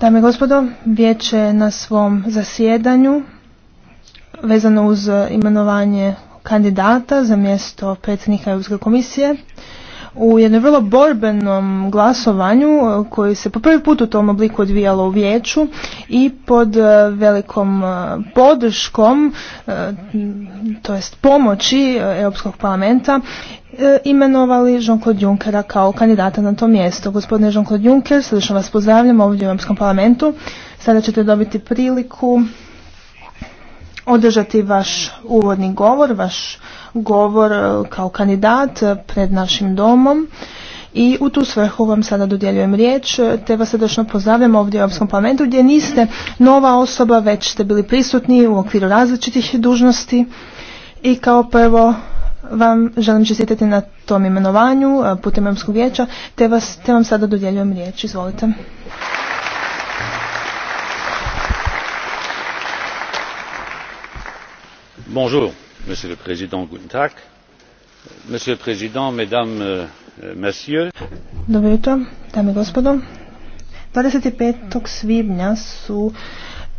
Dame i gospodo, vijeće na svom zasjedanju vezano uz imenovanje kandidata za mjesto predsjednika Europske komisije u jednom vrlo borbenom glasovanju e, koji se po prvi put u tom obliku odvijalo u vijeću i pod e, velikom e, podrškom, to jest pomoći Europskog parlamenta, imenovali Jean-Claude Junckera kao kandidata na to mjesto. Gospodine Jean-Claude Juncker, srdečno vas pozdravljam ovdje u Europskom parlamentu. Sada ćete dobiti priliku održati vaš uvodni govor, vaš govor e, kao kandidat e, pred našim domom. I u tu svrhu vam sada dodjeljujem riječ, e, te vas srdečno pozdravljam ovdje u Europskom parlamentu gdje niste nova osoba, već ste bili prisutni u okviru različitih dužnosti. I kao prvo vam želim čestitati na tom imenovanju putem Europskog vijeća, te, vas, te vam sada dodjeljujem riječ. Izvolite. monsieur le président monsieur président euh, dobro jutro dame i gospodo 25. svibnja su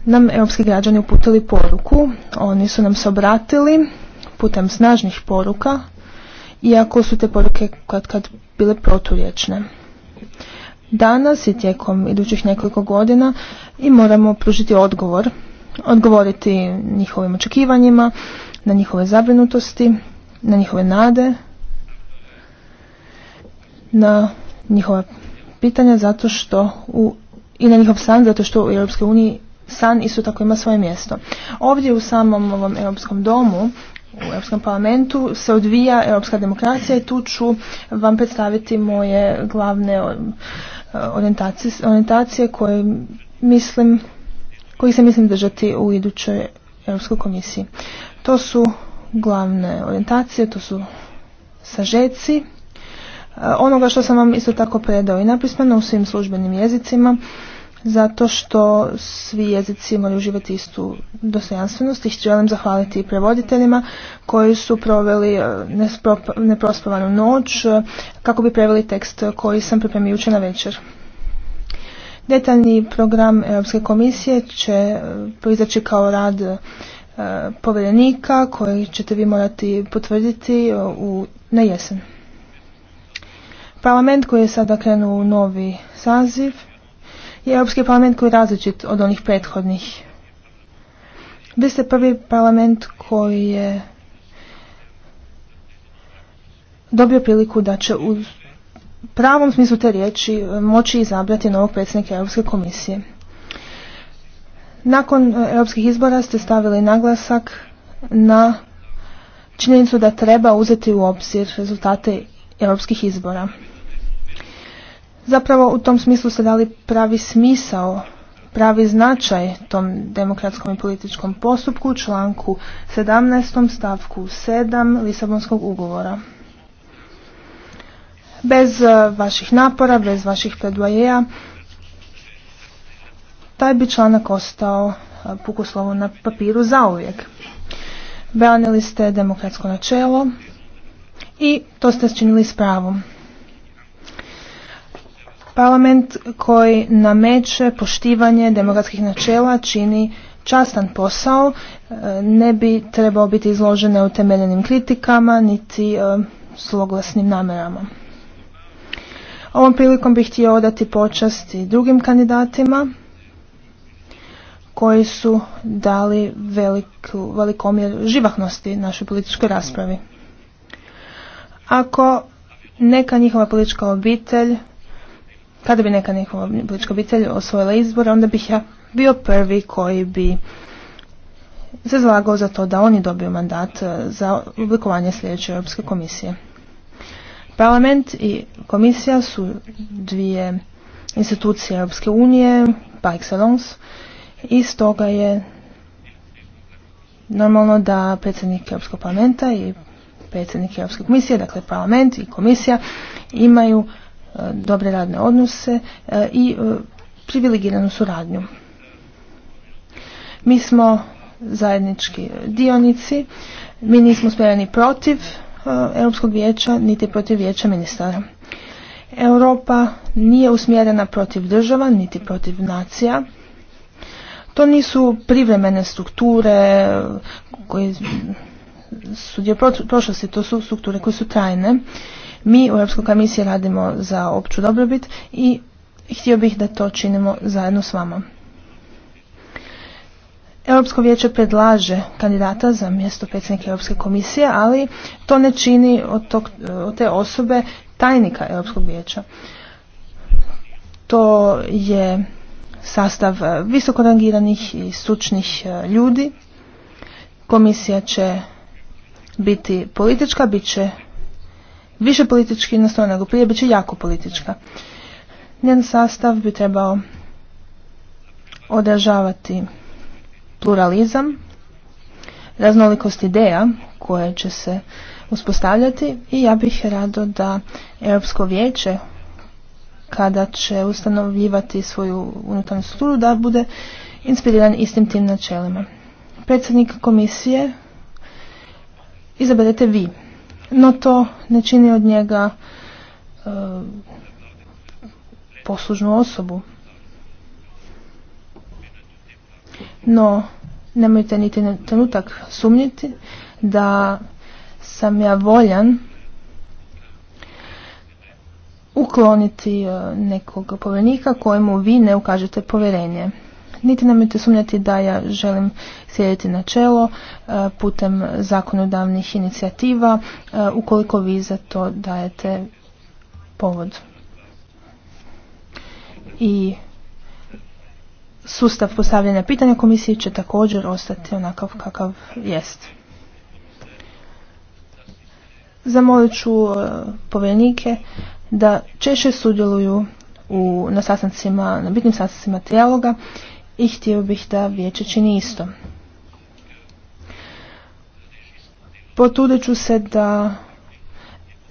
nam europski građani uputili poruku oni su nam se obratili putem snažnih poruka iako su te poruke kad kad bile proturječne danas i tijekom idućih nekoliko godina i moramo pružiti odgovor odgovoriti njihovim očekivanjima, na njihove zabrinutosti, na njihove nade, na njihova pitanja zato što u, i na njihov san zato što u EU san isto tako ima svoje mjesto. Ovdje u samom ovom Europskom domu u Europskom parlamentu se odvija europska demokracija i tu ću vam predstaviti moje glavne eh, orientacije koje mislim koji se mislim držati u idućoj Europskoj komisiji. To su glavne orijentacije, to su sažeci e, onoga što sam vam isto tako predao i napismeno u svim službenim jezicima zato što svi jezici moraju uživati istu dostojanstvenost i želim zahvaliti i prevoditeljima koji su proveli e, neprospavanu noć e, kako bi preveli tekst koji sam pripremio jučer na večer. Detaljni program Europske komisije će e, proizaći kao rad e, povjerenika koji ćete vi morati potvrditi e, u, na jesen. Parlament koji je sada krenuo u novi saziv je Europski parlament koji je različit od onih prethodnih. Vi ste prvi parlament koji je dobio priliku da će pravom smislu te riječi e, moći izabrati novog predsjednika Europske komisije. Nakon e, europskih izbora ste stavili naglasak na činjenicu da treba uzeti u obzir rezultate europskih izbora. Zapravo u tom smislu ste dali pravi smisao, pravi značaj tom demokratskom i političkom postupku u članku 17. stavku 7. Lisabonskog ugovora. Bez e, vaših napora, bez vaših predvojeja, taj bi članak ostao e, puku na papiru zauvijek. Branili ste demokratsko načelo i to ste činili s pravom. Parlament koji nameće poštivanje demokratskih načela čini častan posao, e, ne bi trebao biti izložen utemeljenim kritikama niti sloglasnim namerama. Ovom prilikom bih htio odati počast i drugim kandidatima koji su dali veliku, velikomjer živahnosti našoj političkoj raspravi. Ako neka njihova politička obitelj, kada bi neka njihova politička obitelj osvojila izbore, onda bih ja bio prvi koji bi se zalagao za to da oni dobiju mandat eh, za oblikovanje sljedeće Europske komisije. Parlament i komisija su dvije institucije Europske unije, par excellence, i stoga je normalno da predsjednik Europskog parlamenta i predsjednik Europske komisije, dakle parlament i komisija, imaju e, dobre radne odnose e, i e, privilegiranu suradnju. Mi smo zajednički dionici, mi nismo spremni protiv E, Europskog vijeća niti protiv vijeća ministara. Europa nije usmjerena protiv država niti protiv nacija. To nisu privremene strukture koje su dio prošlosti, to su strukture koje su trajne. Mi u Europskoj komisiji radimo za opću dobrobit i htio bih da to činimo zajedno s vama. Europsko vijeće predlaže kandidata za mjesto predsjednika Europske komisije, ali to ne čini od, tog, od te osobe tajnika Europskog vijeća. To je sastav e, visoko rangiranih i stručnih e, ljudi. Komisija će biti politička, bit će više politički nastrojena nego prije, bit će jako politička. Njen sastav bi trebao odražavati pluralizam, raznolikost ideja koje će se uspostavljati i ja bih rado da Europsko vijeće kada će ustanovljivati svoju unutarnju strukturu da bude inspiriran istim tim načelima. Predsjednik komisije izaberete vi, no to ne čini od njega e, poslužnu osobu. No, nemojte niti na trenutak sumniti da sam ja voljan ukloniti e, nekog povjerenika kojemu vi ne ukažete povjerenje. Niti nemojte sumnjati da ja želim sjediti na čelo e, putem zakonodavnih inicijativa e, ukoliko vi za to dajete povod. I sustav postavljanja pitanja komisiji će također ostati onakav kakav jest. Zamolit ću e, povjerenike da češće sudjeluju u, na sastancima, na bitnim sastancima trijaloga i htio bih da vijeće čini isto. Potudit ću se da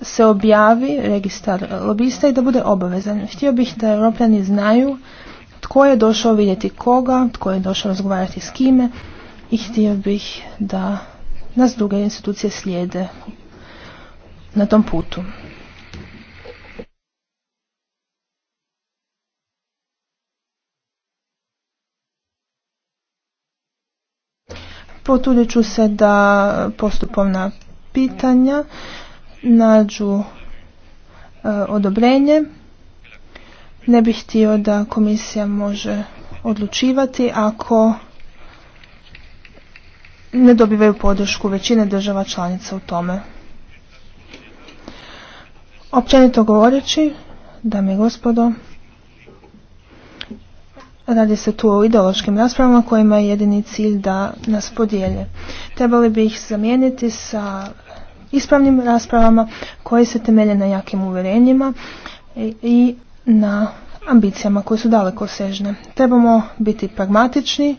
se objavi registar lobista i da bude obavezan. Htio bih da europljani znaju tko je došao vidjeti koga, tko je došao razgovarati s kime i htio bih da nas druge institucije slijede na tom putu. Potudit ću se da postupovna pitanja nađu e, odobrenje. Ne bih htio da komisija može odlučivati ako ne dobivaju podršku većine država članica u tome. Općenito govoreći, dame i gospodo, Radi se tu o ideološkim raspravama kojima je jedini cilj da nas podijelje. Trebali bi ih zamijeniti sa ispravnim raspravama koje se temelje na jakim uvjerenjima i na ambicijama koje su daleko sežne. Trebamo biti pragmatični,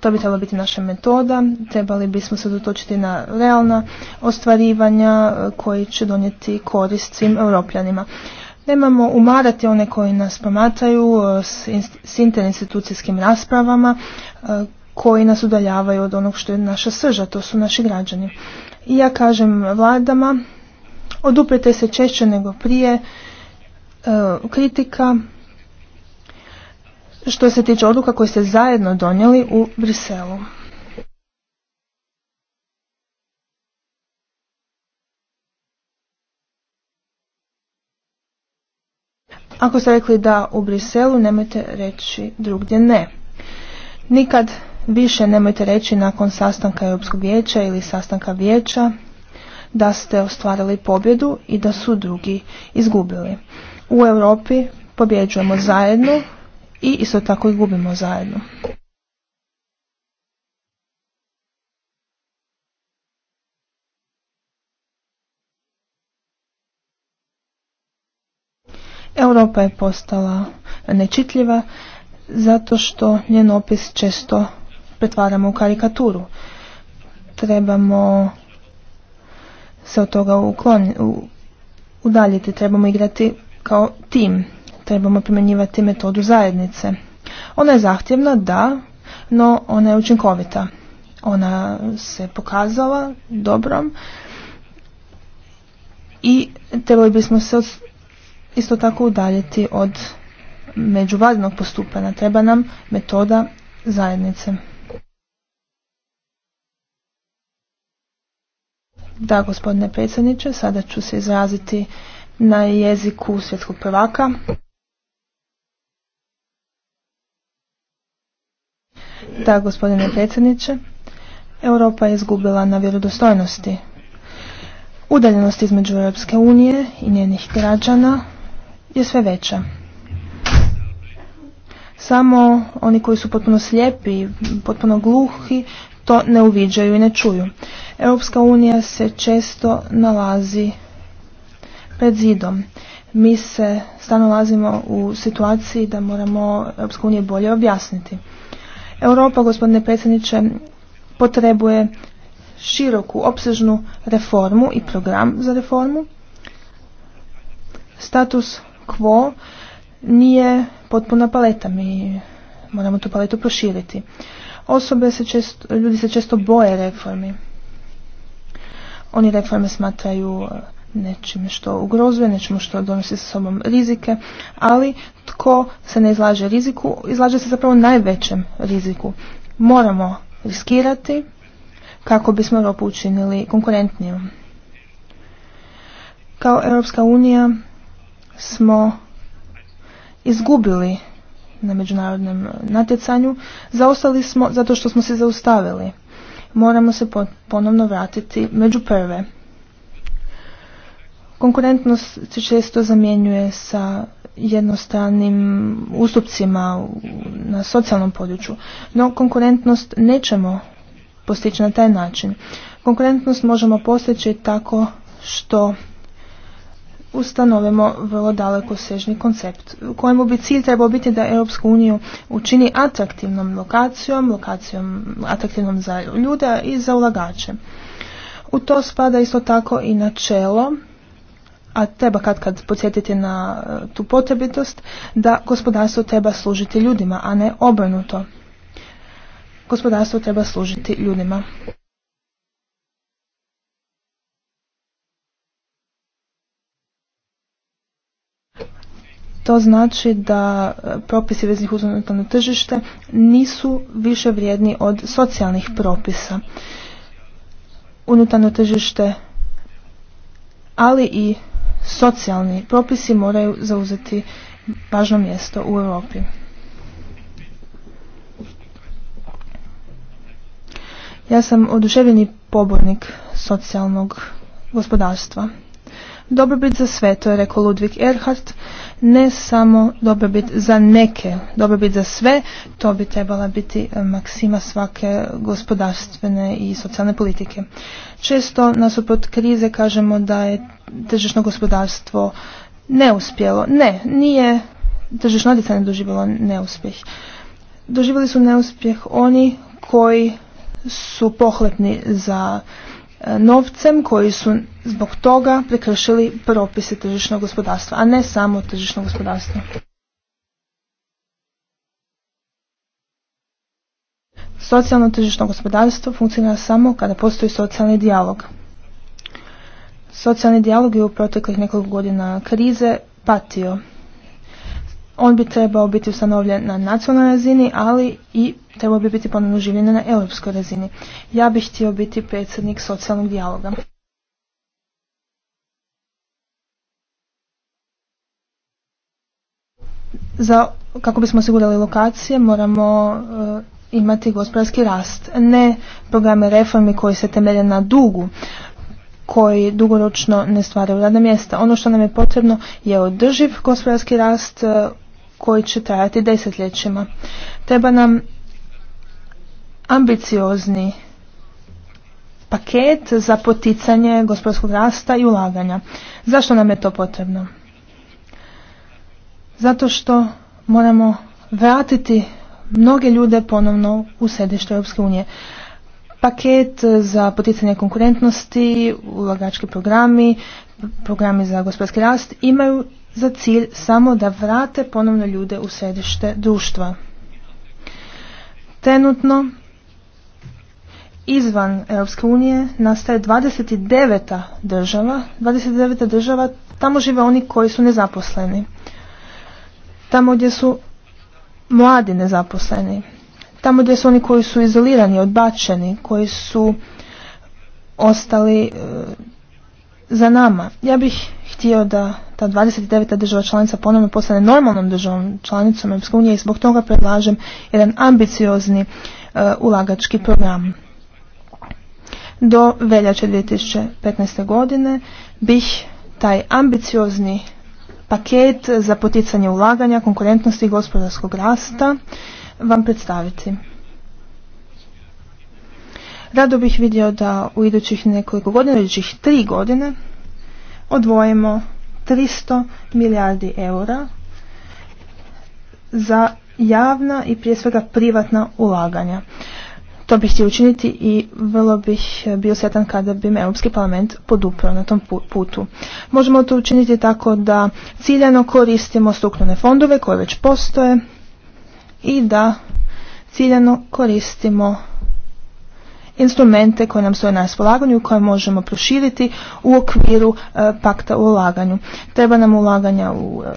to bi trebala biti naša metoda, trebali bismo se dotočiti na realna ostvarivanja e, koji će donijeti korist svim europljanima. Nemamo umarati one koji nas promatraju e, s interinstitucijskim raspravama e, koji nas udaljavaju od onog što je naša srža, to su naši građani. I ja kažem vladama, oduprite se češće nego prije, E, kritika što se tiče odluka koje ste zajedno donijeli u Briselu. Ako ste rekli da u Briselu nemojte reći drugdje ne. Nikad više nemojte reći nakon sastanka Europskog vijeća ili sastanka vijeća da ste ostvarili pobjedu i da su drugi izgubili. U Europi pobjeđujemo zajedno i isto tako i gubimo zajedno. Europa je postala nečitljiva zato što njen opis često pretvaramo u karikaturu. Trebamo se od toga ukloniti, udaljiti, trebamo igrati kao tim. Trebamo primjenjivati metodu zajednice. Ona je zahtjevna, da, no ona je učinkovita. Ona se pokazala dobrom i trebali bismo se isto tako udaljiti od međuvladinog postupanja. Treba nam metoda zajednice. Da, gospodine predsjedniče, sada ću se izraziti na jeziku svjetskog prvaka. Da, gospodine predsjedniče, Europa je izgubila na vjerodostojnosti. Udaljenost između Europske unije i njenih građana je sve veća. Samo oni koji su potpuno slijepi, potpuno gluhi, to ne uviđaju i ne čuju. Europska unija se često nalazi pred zidom. Mi se stano nalazimo u situaciji da moramo Europsku bolje objasniti. Europa, gospodine predsjedniče, potrebuje široku, opsežnu reformu i program za reformu. Status quo nije potpuna paleta, mi moramo tu paletu proširiti. Osobe se često, ljudi se često boje reformi. Oni reforme smatraju nečime što ugrozuje, nečim što donosi sa sobom rizike, ali tko se ne izlaže riziku, izlaže se zapravo najvećem riziku. Moramo riskirati kako bismo Europu učinili konkurentnijom. Kao Europska unija smo izgubili na međunarodnom natjecanju, zaostali smo zato što smo se zaustavili. Moramo se ponovno vratiti među prve. Konkurentnost se često zamjenjuje sa jednostavnim ustupcima na socijalnom području, no konkurentnost nećemo postići na taj način. Konkurentnost možemo postići tako što ustanovimo vrlo daleko sežni koncept u kojemu bi cilj trebao biti da Europsku uniju učini atraktivnom lokacijom, lokacijom atraktivnom za ljude i za ulagače. U to spada isto tako i načelo a treba kad kad podsjetiti na e, tu potrebitost, da gospodarstvo treba služiti ljudima, a ne obrnuto. Gospodarstvo treba služiti ljudima. To znači da e, propisi veznih uz unutarnje tržište nisu više vrijedni od socijalnih propisa. Unutarnje tržište, ali i socijalni propisi moraju zauzeti važno mjesto u Europi. Ja sam oduševljeni pobornik socijalnog gospodarstva. Dobrobit za sve, to je rekao Ludvig Erhardt, ne samo dobrobit za neke, dobrobit za sve, to bi trebala biti eh, maksima svake gospodarstvene i socijalne politike. Često nasuprot krize kažemo da je tržišno gospodarstvo neuspjelo. Ne, nije tržišno odicanje doživjelo neuspjeh. Doživjeli su neuspjeh oni koji su pohlepni za E, novcem koji su zbog toga prekršili propise tržišnog gospodarstva, a ne samo tržišnog gospodarstvo. Socijalno tržišno gospodarstvo funkcionira samo kada postoji socijalni dijalog. Socijalni dijalog je u proteklih nekoliko godina krize patio. On bi trebao biti ustanovljen na nacionalnoj razini, ali i trebao bi biti ponovno življen na europskoj razini. Ja bih htio biti predsjednik socijalnog dijaloga. Za, kako bismo osigurali lokacije moramo e, imati gospodarski rast. Ne programe reformi koji se temelje na dugu koji dugoročno ne stvaraju radna mjesta. Ono što nam je potrebno je održiv gospodarski rast e, koji će trajati desetljećima. Treba nam ambiciozni paket za poticanje gospodarskog rasta i ulaganja. Zašto nam je to potrebno? Zato što moramo vratiti mnoge ljude ponovno u središte Europske unije. Paket za poticanje konkurentnosti, ulagački programi, programi za gospodarski rast imaju za cilj samo da vrate ponovno ljude u središte društva. Trenutno izvan Europske unije nastaje 29. država. 29. država, tamo žive oni koji su nezaposleni. Tamo gdje su mladi nezaposleni. Tamo gdje su oni koji su izolirani, odbačeni, koji su ostali e, za nama. Ja bih htio da ta 29. država članica ponovno postane normalnom državom članicom eu i zbog toga predlažem jedan ambiciozni eh, ulagački program. Do veljače 2015. godine bih taj ambiciozni paket za poticanje ulaganja, konkurentnosti i gospodarskog rasta vam predstaviti. Rado bih vidio da u idućih nekoliko godina, u idućih tri godine, odvojimo 300 milijardi eura za javna i prije svega privatna ulaganja. To bih htio učiniti i vrlo bih bio sretan kada bi me Europski parlament podupro na tom putu. Možemo to učiniti tako da ciljano koristimo strukturne fondove koje već postoje i da ciljano koristimo instrumente koje nam stoje na raspolaganju koje možemo proširiti u okviru e, pakta o ulaganju. Treba nam ulaganja u e,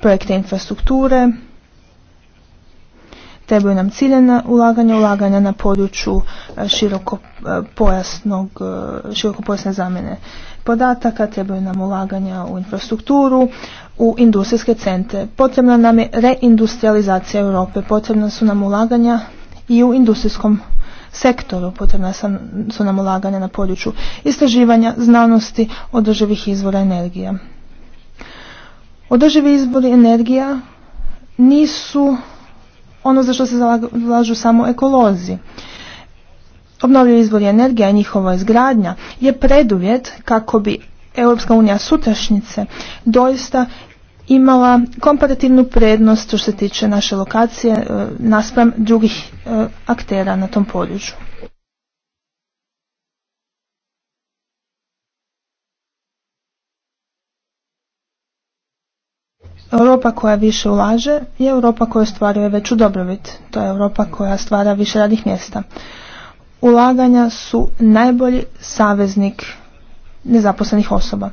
projekte infrastrukture, trebaju nam ciljena ulaganja, ulaganja na području e, široko širokopojasne zamjene podataka, trebaju nam ulaganja u infrastrukturu, u industrijske centre. Potrebna nam je reindustrializacija Europe, potrebna su nam ulaganja i u industrijskom sektoru. Potrebna su nam ulaganja na području istraživanja, znanosti, održivih izvora energija. Održivi izvori energija nisu ono za što se zalažu samo ekolozi. Obnovljivi izvori energija i njihova izgradnja je preduvjet kako bi Europska unija sutrašnjice doista imala komparativnu prednost što se tiče naše lokacije e, naspram drugih e, aktera na tom području. Europa koja više ulaže je Europa koja ostvaruje veću dobrobit. To je Europa koja stvara više radnih mjesta. Ulaganja su najbolji saveznik nezaposlenih osoba.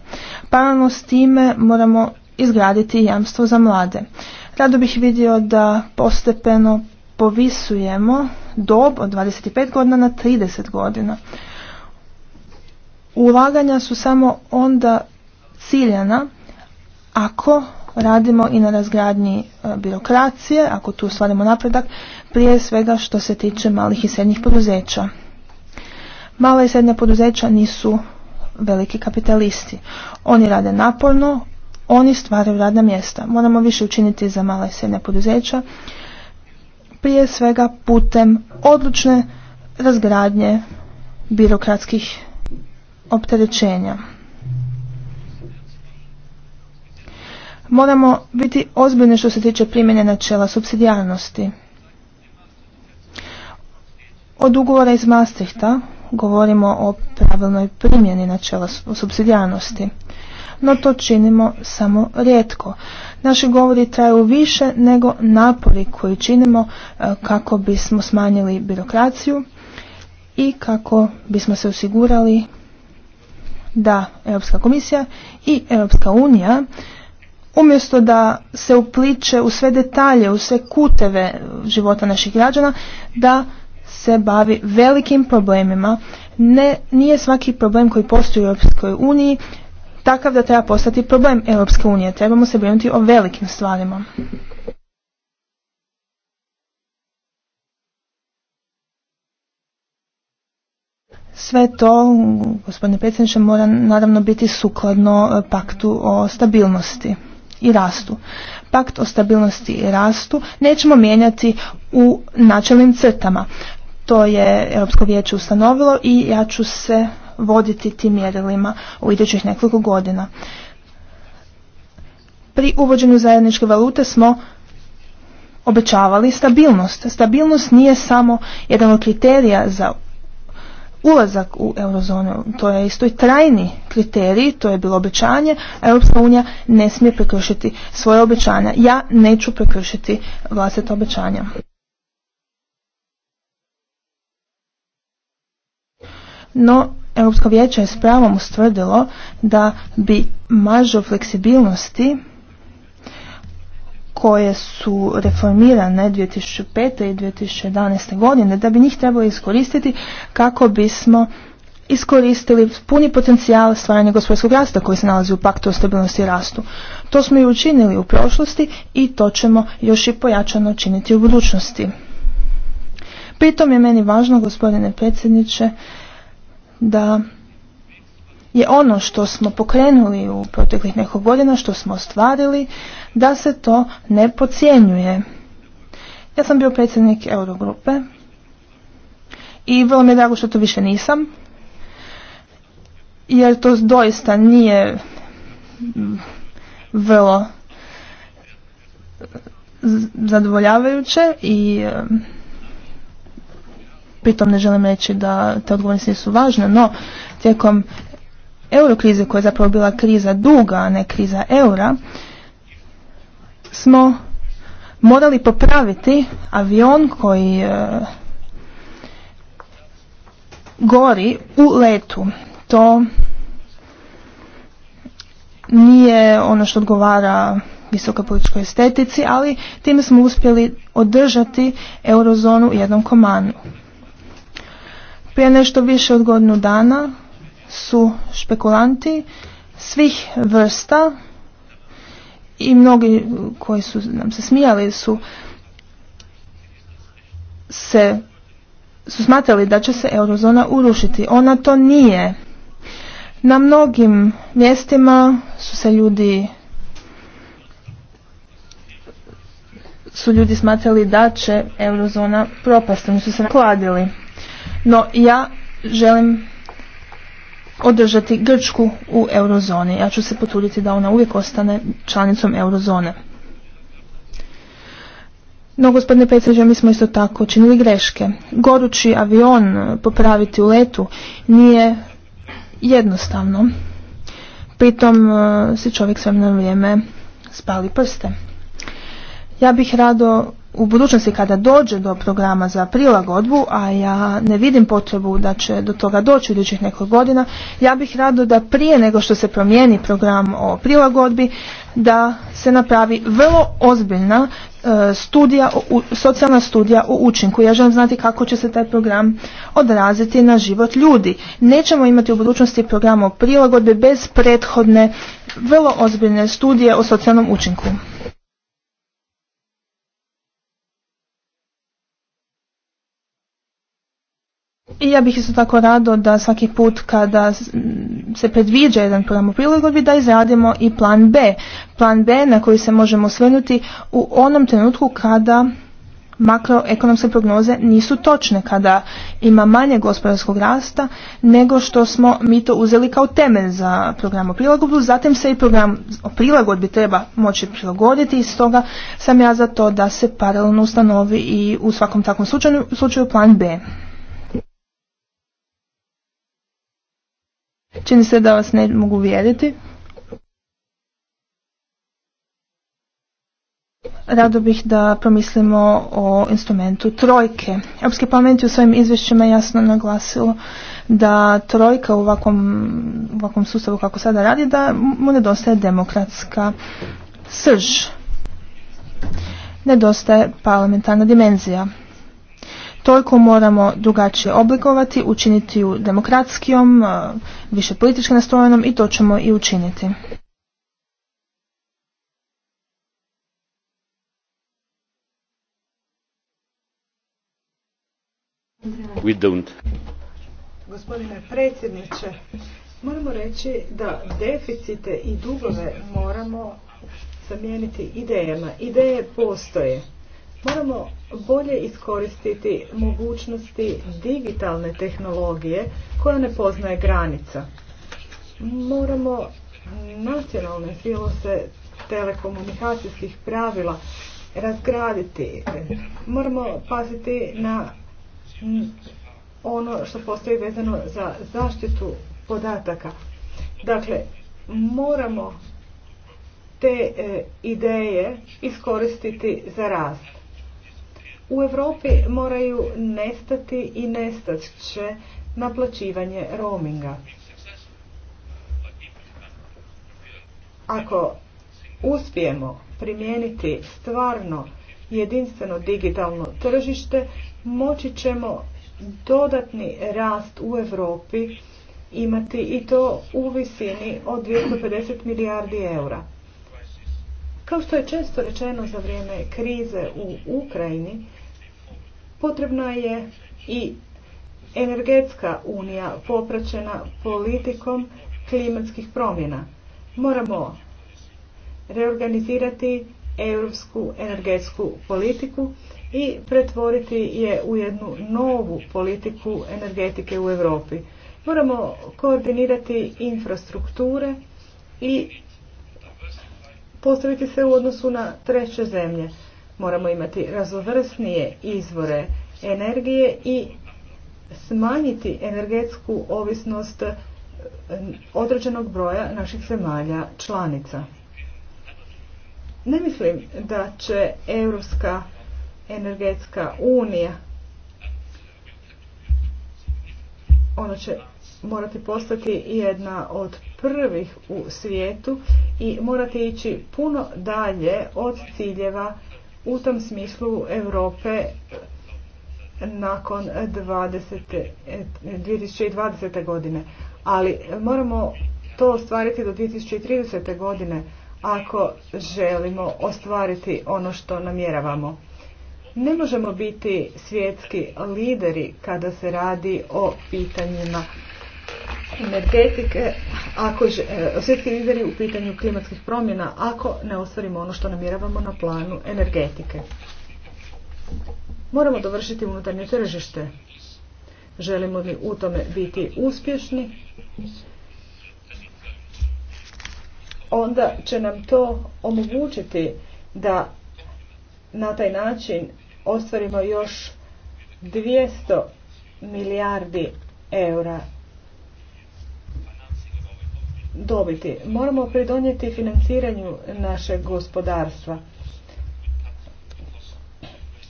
Paralelno s time moramo izgraditi jamstvo za mlade. Rado bih vidio da postepeno povisujemo dob od 25 godina na 30 godina. Ulaganja su samo onda ciljana ako radimo i na razgradnji e, birokracije, ako tu stvarimo napredak, prije svega što se tiče malih i srednjih poduzeća. Mala i srednja poduzeća nisu veliki kapitalisti. Oni rade naporno, oni stvaraju radna mjesta. Moramo više učiniti za mala i srednja poduzeća, prije svega putem odlučne razgradnje birokratskih opterećenja. Moramo biti ozbiljni što se tiče primjene načela subsidijarnosti. Od ugovora iz Maastrichta govorimo o pravilnoj primjeni načela subsidijarnosti no to činimo samo rijetko. Naši govori traju više nego napori koji činimo e, kako bismo smanjili birokraciju i kako bismo se osigurali da Europska komisija i Europska unija umjesto da se upliče u sve detalje, u sve kuteve života naših građana, da se bavi velikim problemima. Ne, nije svaki problem koji postoji u Europskoj uniji takav da treba postati problem Europske unije. Trebamo se brinuti o velikim stvarima. Sve to, gospodine predsjedniče, mora naravno biti sukladno e, paktu o stabilnosti i rastu. Pakt o stabilnosti i rastu nećemo mijenjati u načelnim crtama. To je Europsko vijeće ustanovilo i ja ću se voditi tim mjerilima u idućih nekoliko godina. Pri uvođenju zajedničke valute smo obećavali stabilnost. Stabilnost nije samo jedan od kriterija za ulazak u eurozonu. To je isto i trajni kriterij, to je bilo obećanje, a Europska unija ne smije prekršiti svoje obećanja. Ja neću prekršiti vlastite obećanja. No, Europsko vijeće je s pravom ustvrdilo da bi mažu fleksibilnosti koje su reformirane 2005. i 2011. godine, da bi njih trebalo iskoristiti kako bismo iskoristili puni potencijal stvaranja gospodarskog rasta koji se nalazi u paktu o stabilnosti i rastu. To smo i učinili u prošlosti i to ćemo još i pojačano činiti u budućnosti. Pritom je meni važno, gospodine predsjedniče, da je ono što smo pokrenuli u proteklih nekog godina, što smo ostvarili, da se to ne pocijenjuje. Ja sam bio predsjednik Eurogrupe i vrlo mi je drago što to više nisam, jer to doista nije mm, vrlo mm, zadovoljavajuće i mm, Pritom ne želim reći da te odgovornosti nisu važne, no tijekom eurokrize koja je zapravo bila kriza duga, a ne kriza eura, smo morali popraviti avion koji e, gori u letu. To nije ono što odgovara visokoj političkoj estetici, ali time smo uspjeli održati eurozonu u jednom komanu. Prije nešto više od godinu dana su špekulanti svih vrsta i mnogi koji su nam se smijali su se su smatrali da će se eurozona urušiti. Ona to nije. Na mnogim mjestima su se ljudi su ljudi smatrali da će eurozona propasti, oni su se nakladili. No ja želim održati Grčku u eurozoni. Ja ću se potruditi da ona uvijek ostane članicom eurozone. No, gospodine predsjedniče, mi smo isto tako činili greške. Gorući avion popraviti u letu nije jednostavno. Pritom eh, se čovjek sve na vrijeme spali prste. Ja bih rado u budućnosti kada dođe do programa za prilagodbu, a ja ne vidim potrebu da će do toga doći u idućih nekog godina, ja bih rado da prije nego što se promijeni program o prilagodbi, da se napravi vrlo ozbiljna e, studija, u, socijalna studija u učinku. Ja želim znati kako će se taj program odraziti na život ljudi. Nećemo imati u budućnosti program o prilagodbi bez prethodne vrlo ozbiljne studije o socijalnom učinku. I ja bih isto tako rado da svaki put kada se predviđa jedan program u prilagodbi da izradimo i plan B. Plan B na koji se možemo osvrnuti u onom trenutku kada makroekonomske prognoze nisu točne, kada ima manje gospodarskog rasta nego što smo mi to uzeli kao temelj za program o prilagodbu. Zatim se i program o prilagodbi treba moći prilagoditi i stoga sam ja za to da se paralelno ustanovi i u svakom takvom slučaju plan B. Čini se da vas ne mogu vjeriti. Rado bih da promislimo o instrumentu trojke. Europski parlament je u svojim izvješćima jasno naglasilo da trojka u ovakvom, ovakvom sustavu kako sada radi, da mu nedostaje demokratska srž. Nedostaje parlamentarna dimenzija toliko moramo drugačije oblikovati, učiniti ju demokratskijom, e, više političkim nastrojenom i to ćemo i učiniti. Gospodine predsjedniče, moramo reći da deficite i dugove moramo zamijeniti idejama. Ideje postoje. Moramo bolje iskoristiti mogućnosti digitalne tehnologije koja ne poznaje granica. Moramo nacionalne filose telekomunikacijskih pravila razgraditi. Moramo paziti na ono što postoji vezano za zaštitu podataka. Dakle, moramo te e, ideje iskoristiti za rast u Europi moraju nestati i nestat će naplaćivanje roaminga. Ako uspijemo primijeniti stvarno jedinstveno digitalno tržište, moći ćemo dodatni rast u Europi imati i to u visini od 250 milijardi eura. Kao što je često rečeno za vrijeme krize u Ukrajini, Potrebna je i energetska unija popraćena politikom klimatskih promjena. Moramo reorganizirati europsku energetsku politiku i pretvoriti je u jednu novu politiku energetike u Europi. Moramo koordinirati infrastrukture i postaviti se u odnosu na treće zemlje. Moramo imati razovrsnije izvore energije i smanjiti energetsku ovisnost eh, određenog broja naših zemalja članica. Ne mislim da će Europska energetska unija ona će morati postati jedna od prvih u svijetu i morati ići puno dalje od ciljeva u tom smislu Europe nakon 20, 2020. godine. Ali moramo to ostvariti do 2030. godine ako želimo ostvariti ono što namjeravamo. Ne možemo biti svjetski lideri kada se radi o pitanjima energetike, ako e, svjetski lideri u pitanju klimatskih promjena ako ne ostvarimo ono što namjeravamo na planu energetike. Moramo dovršiti unutarnje tržište. Želimo li u tome biti uspješni, onda će nam to omogućiti da na taj način ostvarimo još 200 milijardi eura dobiti. Moramo pridonijeti financiranju našeg gospodarstva.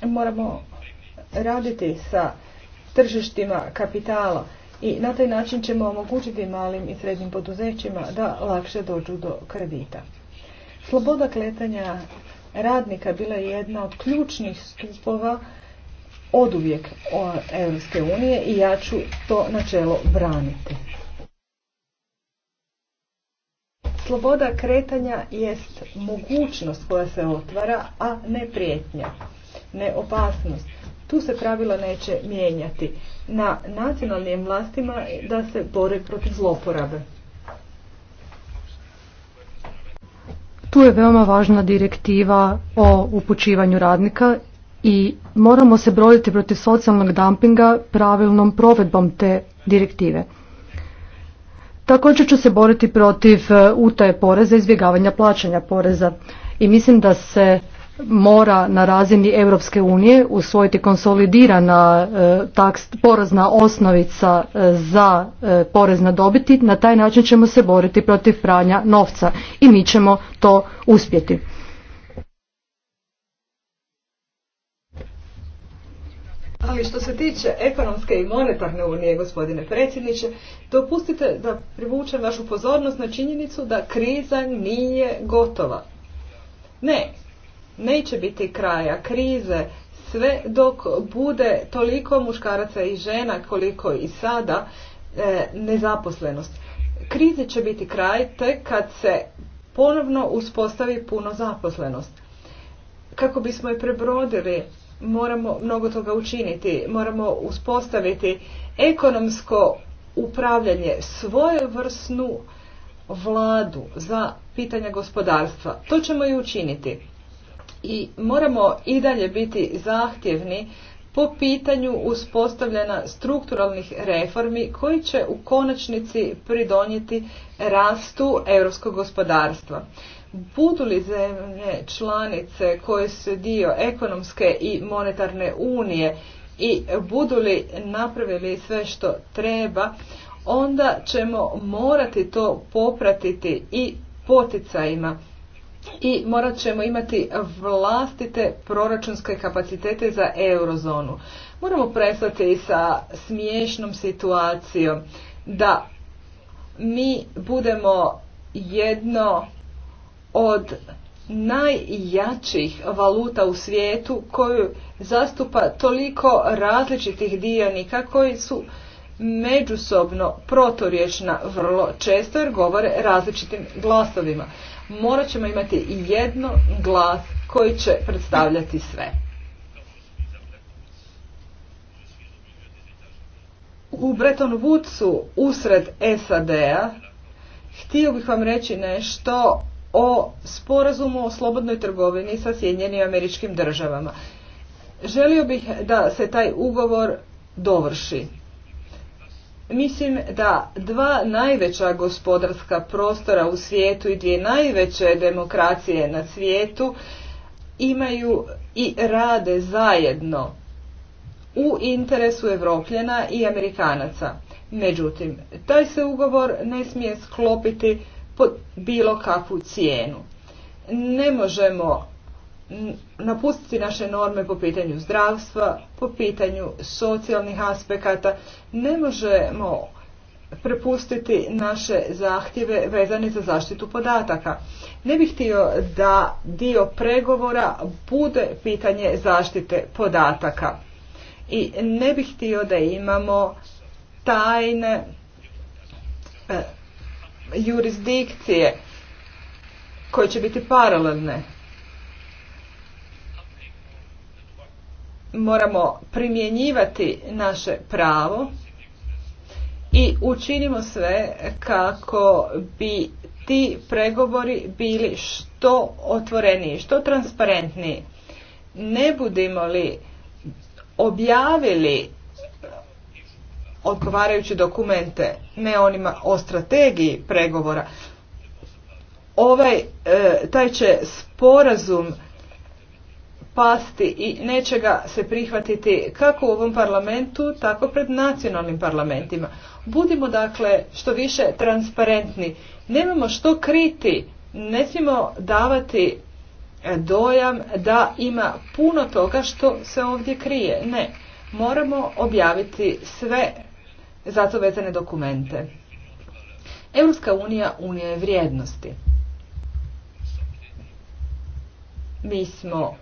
Moramo raditi sa tržištima kapitala i na taj način ćemo omogućiti malim i srednjim poduzećima da lakše dođu do kredita. Sloboda kletanja radnika bila je jedna od ključnih stupova oduvijek Europske unije i ja ću to načelo braniti. Sloboda kretanja jest mogućnost koja se otvara, a ne prijetnja, ne opasnost. Tu se pravila neće mijenjati. Na nacionalnim vlastima da se bore protiv zloporabe. Tu je veoma važna direktiva o upućivanju radnika i moramo se brojiti protiv socijalnog dumpinga pravilnom provedbom te direktive. Također ću se boriti protiv e, utaje poreza, i izbjegavanja plaćanja poreza i mislim da se mora na razini Europske unije usvojiti konsolidirana e, taks, porezna osnovica e, za porez na dobiti. Na taj način ćemo se boriti protiv pranja novca i mi ćemo to uspjeti. Ali što se tiče ekonomske i monetarne unije, gospodine predsjedniče, dopustite da privučem vašu pozornost na činjenicu da kriza nije gotova. Ne, neće biti kraja krize sve dok bude toliko muškaraca i žena koliko i sada e, nezaposlenost. Krize će biti kraj tek kad se ponovno uspostavi puno zaposlenost. Kako bismo je prebrodili moramo mnogo toga učiniti. Moramo uspostaviti ekonomsko upravljanje svojevrsnu vladu za pitanja gospodarstva. To ćemo i učiniti. I moramo i dalje biti zahtjevni po pitanju uspostavljena strukturalnih reformi koji će u konačnici pridonijeti rastu europskog gospodarstva budu li zemlje članice koje su dio ekonomske i monetarne unije i budu li napravili sve što treba, onda ćemo morati to popratiti i poticajima i morat ćemo imati vlastite proračunske kapacitete za eurozonu. Moramo prestati sa smiješnom situacijom da mi budemo jedno od najjačih valuta u svijetu koju zastupa toliko različitih dionika koji su međusobno protoriječna vrlo često jer govore različitim glasovima. Morat ćemo imati jedno glas koji će predstavljati sve. U Bretton Woodsu usred SAD-a htio bih vam reći nešto o sporazumu o slobodnoj trgovini sa Sjedinjenim američkim državama. Želio bih da se taj ugovor dovrši. Mislim da dva najveća gospodarska prostora u svijetu i dvije najveće demokracije na svijetu imaju i rade zajedno u interesu Evropljena i Amerikanaca. Međutim, taj se ugovor ne smije sklopiti bilo kakvu cijenu. Ne možemo napustiti naše norme po pitanju zdravstva, po pitanju socijalnih aspekata. Ne možemo prepustiti naše zahtjeve vezane za zaštitu podataka. Ne bih htio da dio pregovora bude pitanje zaštite podataka. I ne bih htio da imamo tajne e, jurisdikcije koje će biti paralelne. Moramo primjenjivati naše pravo i učinimo sve kako bi ti pregovori bili što otvoreniji, što transparentniji. Ne budimo li objavili odgovarajuće dokumente, ne onima o strategiji pregovora. Ovaj, e, taj će sporazum pasti i neće ga se prihvatiti kako u ovom parlamentu, tako pred nacionalnim parlamentima. Budimo dakle što više transparentni. Nemamo što kriti, ne smijemo davati dojam da ima puno toga što se ovdje krije. Ne, moramo objaviti sve za vezane dokumente. Europska unija unija je vrijednosti. Mi smo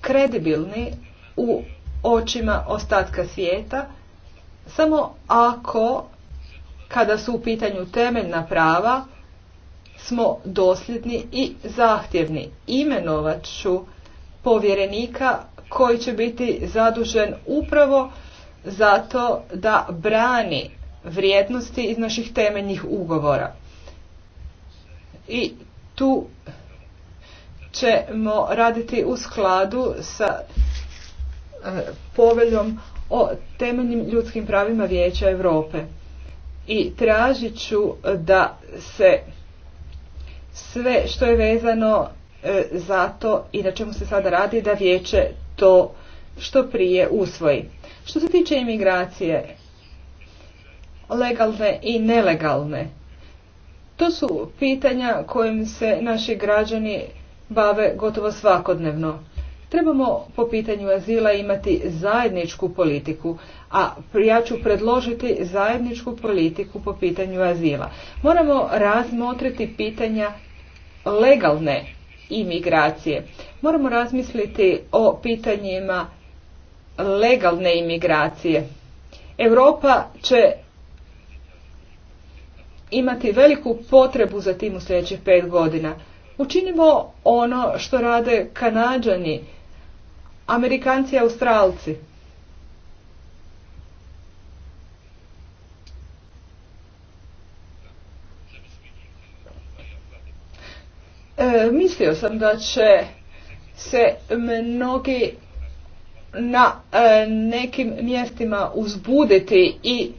kredibilni u očima ostatka svijeta samo ako kada su u pitanju temeljna prava smo dosljedni i zahtjevni. Imenovat ću povjerenika koji će biti zadužen upravo zato da brani vrijednosti iz naših temeljnih ugovora. I tu ćemo raditi u skladu sa e, poveljom o temeljnim ljudskim pravima Vijeća Europe. I tražit ću da se sve što je vezano e, za to i na čemu se sada radi da vijeće to što prije usvoji. Što se tiče imigracije, legalne i nelegalne, to su pitanja kojim se naši građani bave gotovo svakodnevno. Trebamo po pitanju azila imati zajedničku politiku, a ja ću predložiti zajedničku politiku po pitanju azila. Moramo razmotriti pitanja legalne imigracije. Moramo razmisliti o pitanjima legalne imigracije. Europa će imati veliku potrebu za tim u sljedećih pet godina. Učinimo ono što rade Kanađani, Amerikanci i Australci. E, mislio sam da će se mnogi na e, nekim mjestima uzbuditi i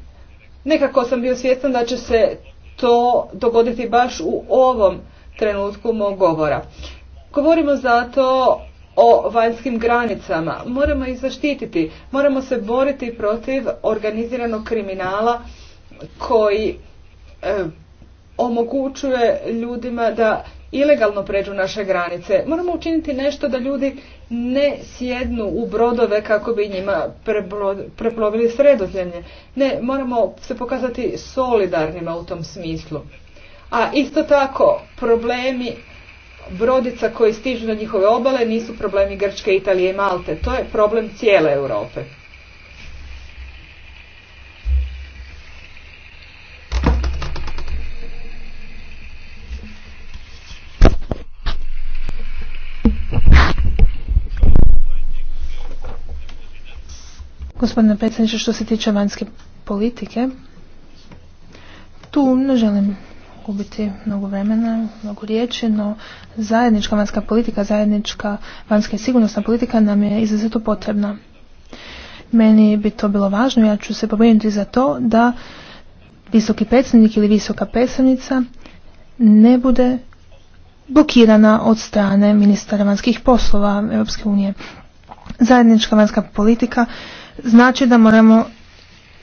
nekako sam bio svjestan da će se to dogoditi baš u ovom trenutku mog govora. Govorimo zato o vanjskim granicama. Moramo ih zaštititi. Moramo se boriti protiv organiziranog kriminala koji e, omogućuje ljudima da ilegalno pređu naše granice. Moramo učiniti nešto da ljudi ne sjednu u brodove kako bi njima preplovili sredozemlje. Ne, moramo se pokazati solidarnima u tom smislu. A isto tako problemi brodica koji stižu na njihove obale nisu problemi Grčke, Italije i Malte. To je problem cijele Europe. Gospodine predsjedniče, što se tiče vanjske politike, tu ne želim gubiti mnogo vremena, mnogo riječi, no zajednička vanjska politika, zajednička vanjska i sigurnosna politika nam je izuzetno potrebna. Meni bi to bilo važno, ja ću se pobrinuti za to da visoki predsjednik ili visoka predstavnica ne bude blokirana od strane ministara vanjskih poslova Europske unije. Zajednička vanjska politika znači da moramo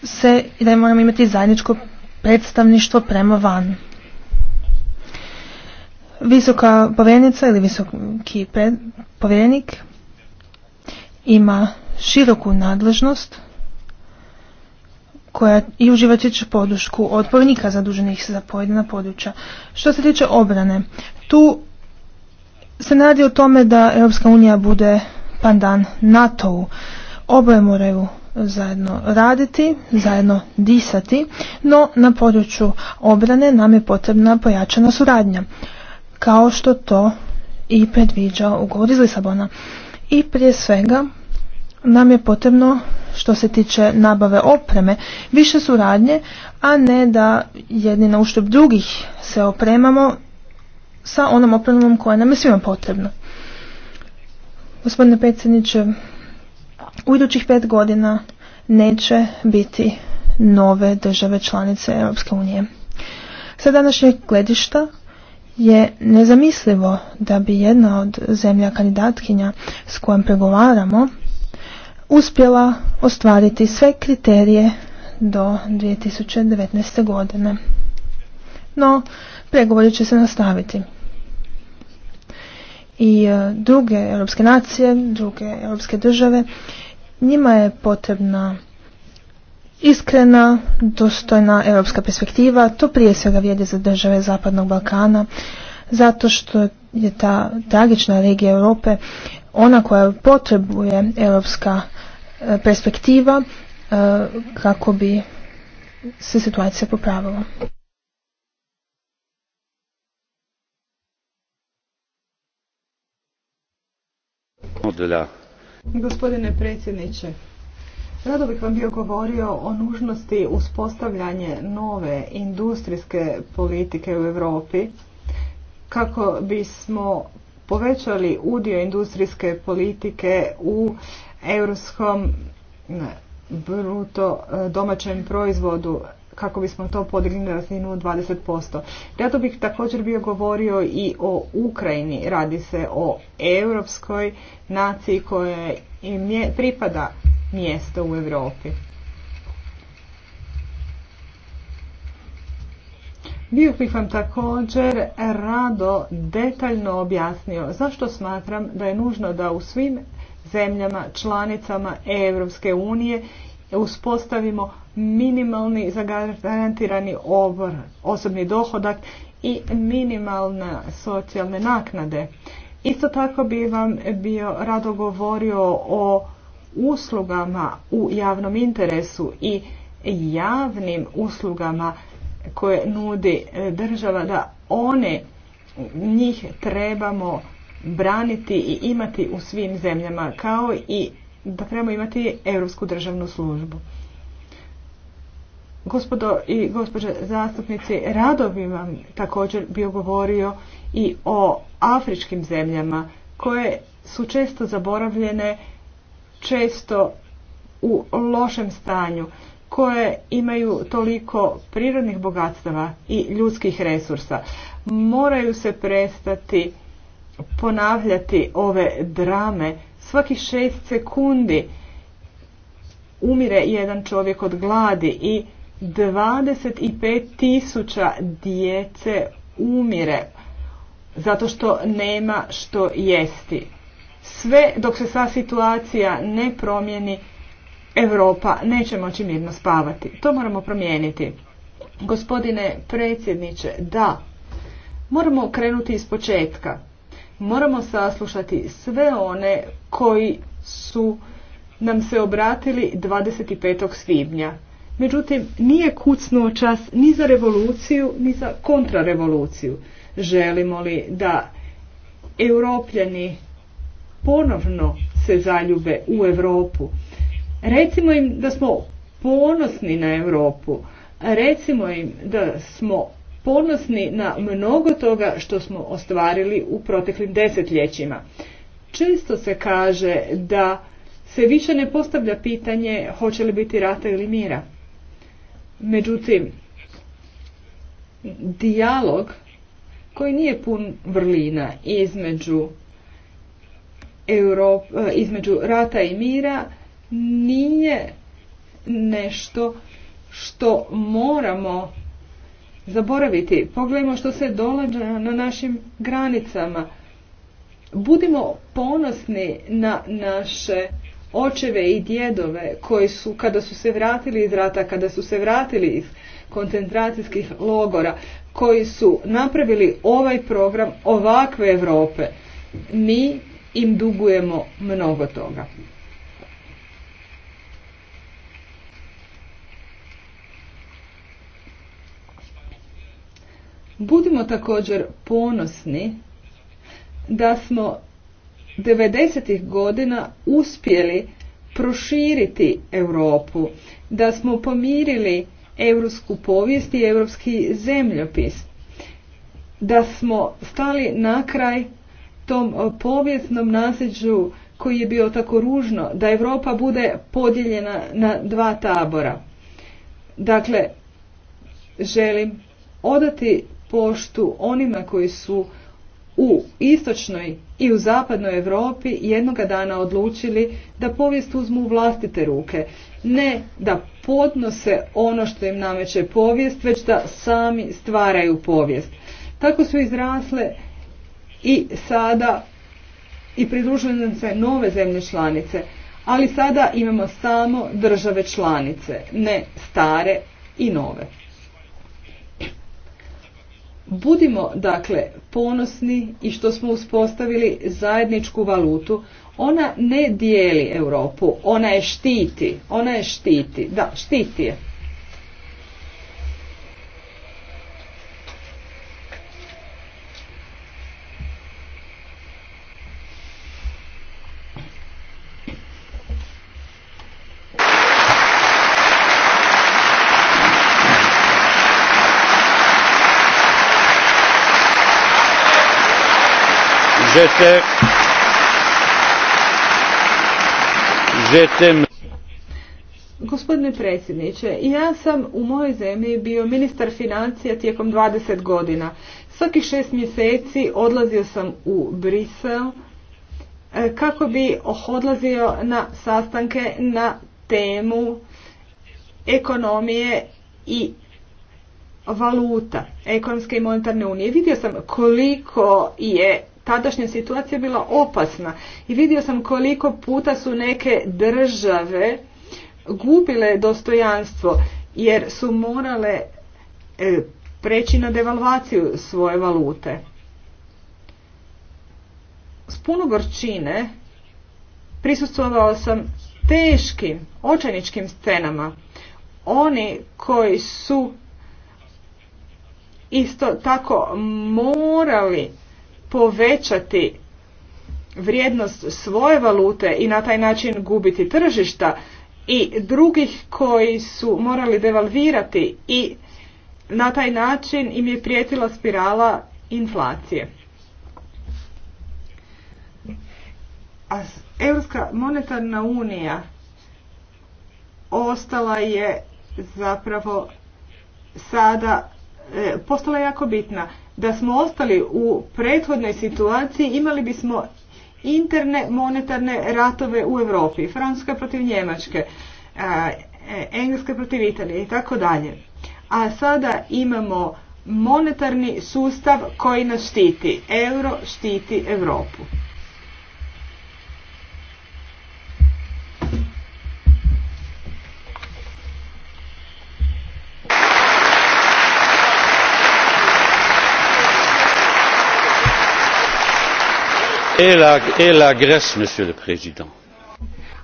se i da moramo imati zajedničko predstavništvo prema van. Visoka povjerenica ili visoki povjerenik ima široku nadležnost koja i uživat će podušku otpornika zaduženih za pojedina područja. Što se tiče obrane, tu se radi o tome da Europska unija bude pandan NATO-u. Oboje moraju zajedno raditi, zajedno disati, no na području obrane nam je potrebna pojačana suradnja, kao što to i predviđa ugovor iz Lisabona. I prije svega nam je potrebno što se tiče nabave opreme, više suradnje, a ne da jedni na uštup drugih se opremamo sa onom opremom koja nam je svima potrebna. Gospodine predsjedniče, u idućih pet godina neće biti nove države članice Europske unije. Sa današnjeg gledišta je nezamislivo da bi jedna od zemlja kandidatkinja s kojom pregovaramo uspjela ostvariti sve kriterije do 2019. godine. No, pregovori će se nastaviti i e, druge europske nacije, druge europske države, njima je potrebna iskrena, dostojna europska perspektiva. To prije svega vrijedi za države Zapadnog Balkana, zato što je ta tragična regija Europe ona koja potrebuje europska e, perspektiva e, kako bi se situacija popravila. Gospodine predsjedniče, rado bih vam bio govorio o nužnosti uspostavljanje nove industrijske politike u Europi kako bismo povećali udio industrijske politike u europskom bruto domaćem proizvodu kako bismo to podigli na razinu 20%. Rado bih također bio govorio i o Ukrajini. Radi se o europskoj naciji koje im je, pripada mjesto u Europi. Bio bih vam također rado detaljno objasnio zašto smatram da je nužno da u svim zemljama članicama Europske unije uspostavimo minimalni zagarantirani obor, osobni dohodak i minimalne socijalne naknade. Isto tako bi vam bio rado govorio o uslugama u javnom interesu i javnim uslugama koje nudi e, država da one njih trebamo braniti i imati u svim zemljama kao i da trebamo imati europsku državnu službu. Gospodo i gospođe zastupnici, rado bi vam također bio govorio i o afričkim zemljama koje su često zaboravljene, često u lošem stanju, koje imaju toliko prirodnih bogatstava i ljudskih resursa. Moraju se prestati ponavljati ove drame svakih šest sekundi umire jedan čovjek od gladi i 25 tisuća djece umire zato što nema što jesti. Sve dok se sva situacija ne promijeni, Europa neće moći mirno spavati. To moramo promijeniti. Gospodine predsjedniče, da, moramo krenuti iz početka. Moramo saslušati sve one koji su nam se obratili 25. svibnja. Međutim, nije kucnuo čas ni za revoluciju, ni za kontrarevoluciju. Želimo li da europljani ponovno se zaljube u Europu? Recimo im da smo ponosni na Europu. Recimo im da smo ponosni na mnogo toga što smo ostvarili u proteklim desetljećima. Često se kaže da se više ne postavlja pitanje hoće li biti rata ili mira. Međutim, dijalog koji nije pun vrlina između, Europ, e, između rata i mira nije nešto što moramo zaboraviti. Pogledajmo što se dolađa na našim granicama. Budimo ponosni na naše očeve i djedove koji su kada su se vratili iz rata, kada su se vratili iz koncentracijskih logora, koji su napravili ovaj program ovakve Europe. Mi im dugujemo mnogo toga. Budimo također ponosni da smo devedesetih godina uspjeli proširiti Europu, da smo pomirili europsku povijest i europski zemljopis, da smo stali na kraj tom povijesnom nasljeđu koji je bio tako ružno, da Europa bude podijeljena na dva tabora. Dakle, želim odati poštu onima koji su u istočnoj i u zapadnoj Europi jednoga dana odlučili da povijest uzmu u vlastite ruke. Ne da podnose ono što im nameće povijest, već da sami stvaraju povijest. Tako su izrasle i sada i pridružene nam se nove zemlje članice, ali sada imamo samo države članice, ne stare i nove. Budimo dakle ponosni i što smo uspostavili zajedničku valutu. Ona ne dijeli Europu, ona je štiti, ona je štiti, da, štiti je. Gospodine predsjedniče, ja sam u mojoj zemlji bio ministar financija tijekom 20 godina. Svakih šest mjeseci odlazio sam u Brisel e, kako bi odlazio na sastanke na temu ekonomije i valuta, ekonomske i monetarne unije. Vidio sam koliko je tadašnja situacija bila opasna i vidio sam koliko puta su neke države gubile dostojanstvo jer su morale e, preći na devalvaciju svoje valute. S puno gorčine prisustvovao sam teškim, očajničkim scenama. Oni koji su isto tako morali povećati vrijednost svoje valute i na taj način gubiti tržišta i drugih koji su morali devalvirati i na taj način im je prijetila spirala inflacije. A Europska monetarna unija ostala je zapravo sada e, postala jako bitna da smo ostali u prethodnoj situaciji imali bismo interne monetarne ratove u Europi, Francuska protiv Njemačke, e, Engleska protiv Italije i tako dalje. A sada imamo monetarni sustav koji nas štiti. Euro štiti Europu.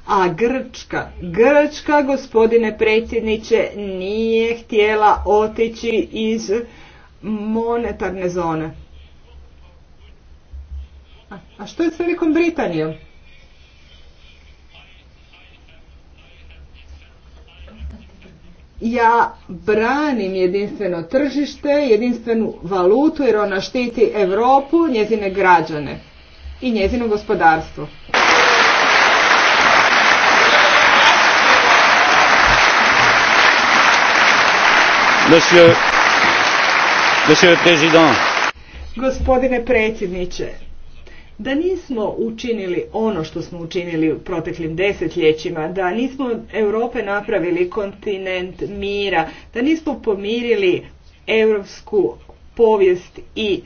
A Grčka, Grčka, gospodine predsjedniče, nije htjela otići iz monetarne zone. A, a što je s Velikom Britanijom? Ja branim jedinstveno tržište, jedinstvenu valutu jer ona štiti Europu, njezine građane i njezinu gospodarstvu. Gospodine predsjedniče, da nismo učinili ono što smo učinili u proteklim desetljećima, da nismo Europe napravili kontinent mira, da nismo pomirili europsku povijest i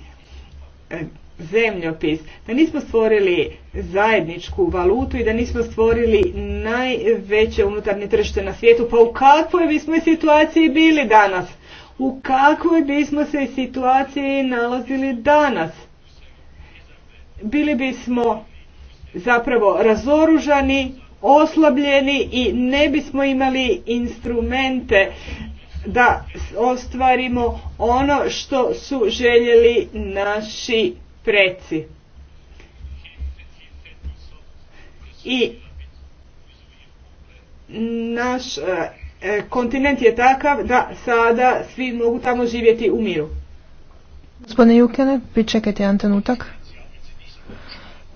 eh, zemljopis, da nismo stvorili zajedničku valutu i da nismo stvorili najveće unutarnje tržište na svijetu, pa u kakvoj bismo situaciji bili danas? U kakvoj bismo se situaciji nalazili danas? Bili bismo zapravo razoružani, oslabljeni i ne bismo imali instrumente da ostvarimo ono što su željeli naši preci. I naš e, e, kontinent je takav da sada svi mogu tamo živjeti u miru. Gospodine Jukene, pričekajte jedan trenutak.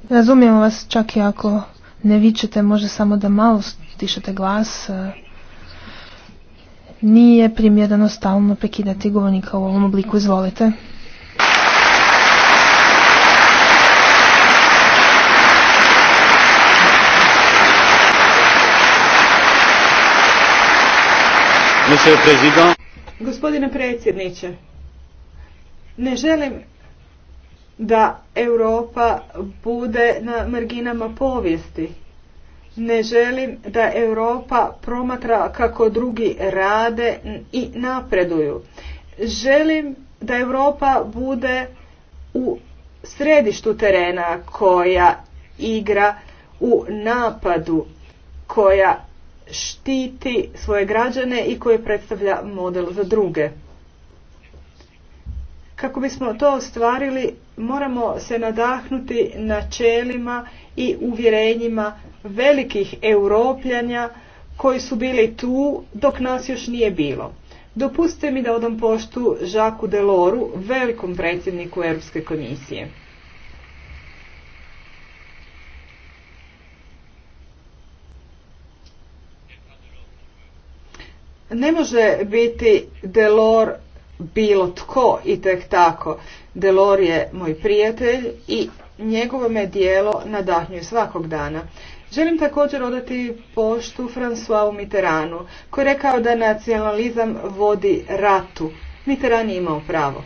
Razumijemo vas čak i ako ne vičete, može samo da malo stišete glas. E, nije primjereno stalno prekidati govornika u ovom obliku, izvolite. Gospodine predsjedniče, ne želim da Europa bude na marginama povijesti. Ne želim da Europa promatra kako drugi rade i napreduju. Želim da Europa bude u središtu terena koja igra u napadu, koja štiti svoje građane i koji predstavlja model za druge. Kako bismo to ostvarili, moramo se nadahnuti načelima i uvjerenjima velikih europljanja koji su bili tu dok nas još nije bilo. Dopustite mi da odam poštu Žaku Deloru, velikom predsjedniku Europske komisije. Ne može biti Delor bilo tko i tek tako. Delor je moj prijatelj i njegovo me dijelo nadahnjuje svakog dana. Želim također odati poštu Françoisu Mitteranu koji je rekao da nacionalizam vodi ratu. Mitteran je imao pravo.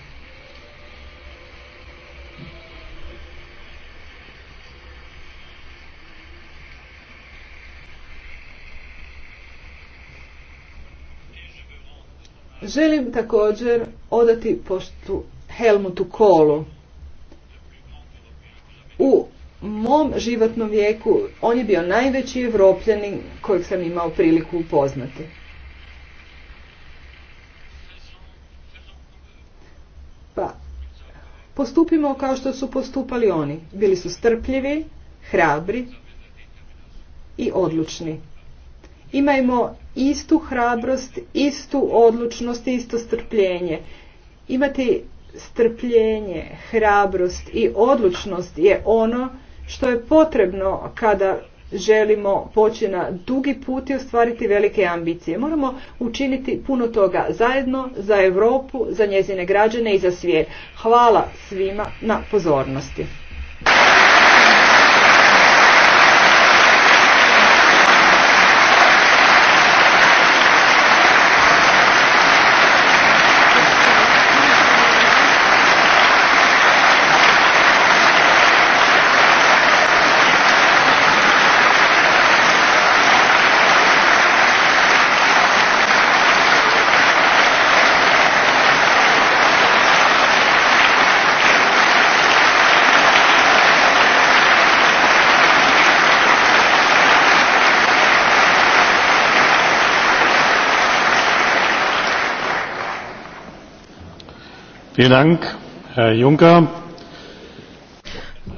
Želim također odati poštu Helmutu Kolu. U mom životnom vijeku on je bio najveći evropljanin kojeg sam imao priliku upoznati. Pa, postupimo kao što su postupali oni. Bili su strpljivi, hrabri i odlučni. Imajmo istu hrabrost, istu odlučnost, isto strpljenje. Imati strpljenje, hrabrost i odlučnost je ono što je potrebno kada želimo poći na dugi put i ostvariti velike ambicije. Moramo učiniti puno toga zajedno za Europu, za njezine građane i za svijet. Hvala svima na pozornosti.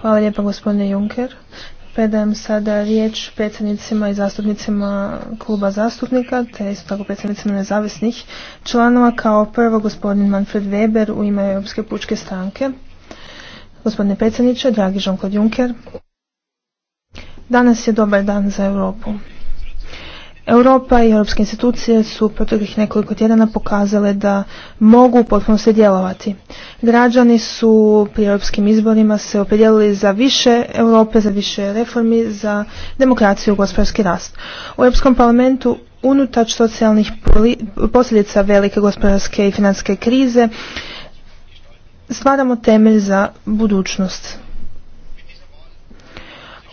Hvala lijepa gospodine Juncker. Predajem sada riječ predsjednicima i zastupnicima kluba zastupnika, te isto tako predsjednicima nezavisnih članova, kao prvo gospodin Manfred Weber u ime Europske pučke stranke. Gospodine predsjedniče, dragi jean Juncker, danas je dobar dan za Europu. Europa i europske institucije su proteklih nekoliko tjedana pokazale da mogu potpuno se djelovati. Građani su pri europskim izborima se opredijelili za više Europe, za više reformi, za demokraciju i gospodarski rast. U Europskom parlamentu unutač socijalnih posljedica velike gospodarske i financijske krize stvaramo temelj za budućnost.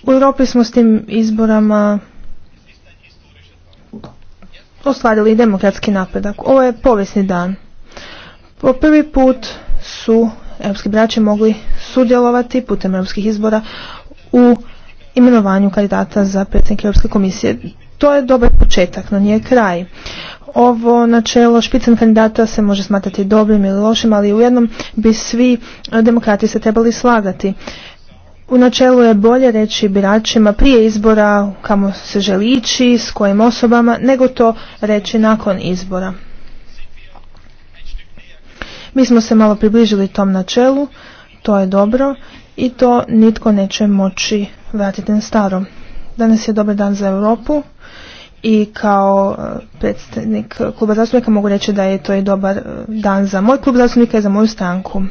U Europi smo s tim izborama ostvarili demokratski napredak. Ovo je povijesni dan. Po prvi put su europski braći mogli sudjelovati putem europskih izbora u imenovanju kandidata za predsjednike Europske komisije. To je dobar početak, no nije kraj. Ovo načelo špicen kandidata se može smatrati dobrim ili lošim, ali u jednom bi svi demokrati se trebali slagati. U načelu je bolje reći biračima prije izbora kamo se želi ići, s kojim osobama, nego to reći nakon izbora. Mi smo se malo približili tom načelu, to je dobro i to nitko neće moći vratiti na staro. Danas je dobar dan za Europu i kao e, predstavnik kluba zastupnika mogu reći da je to i dobar e, dan za moj klub zastupnika i za moju stranku.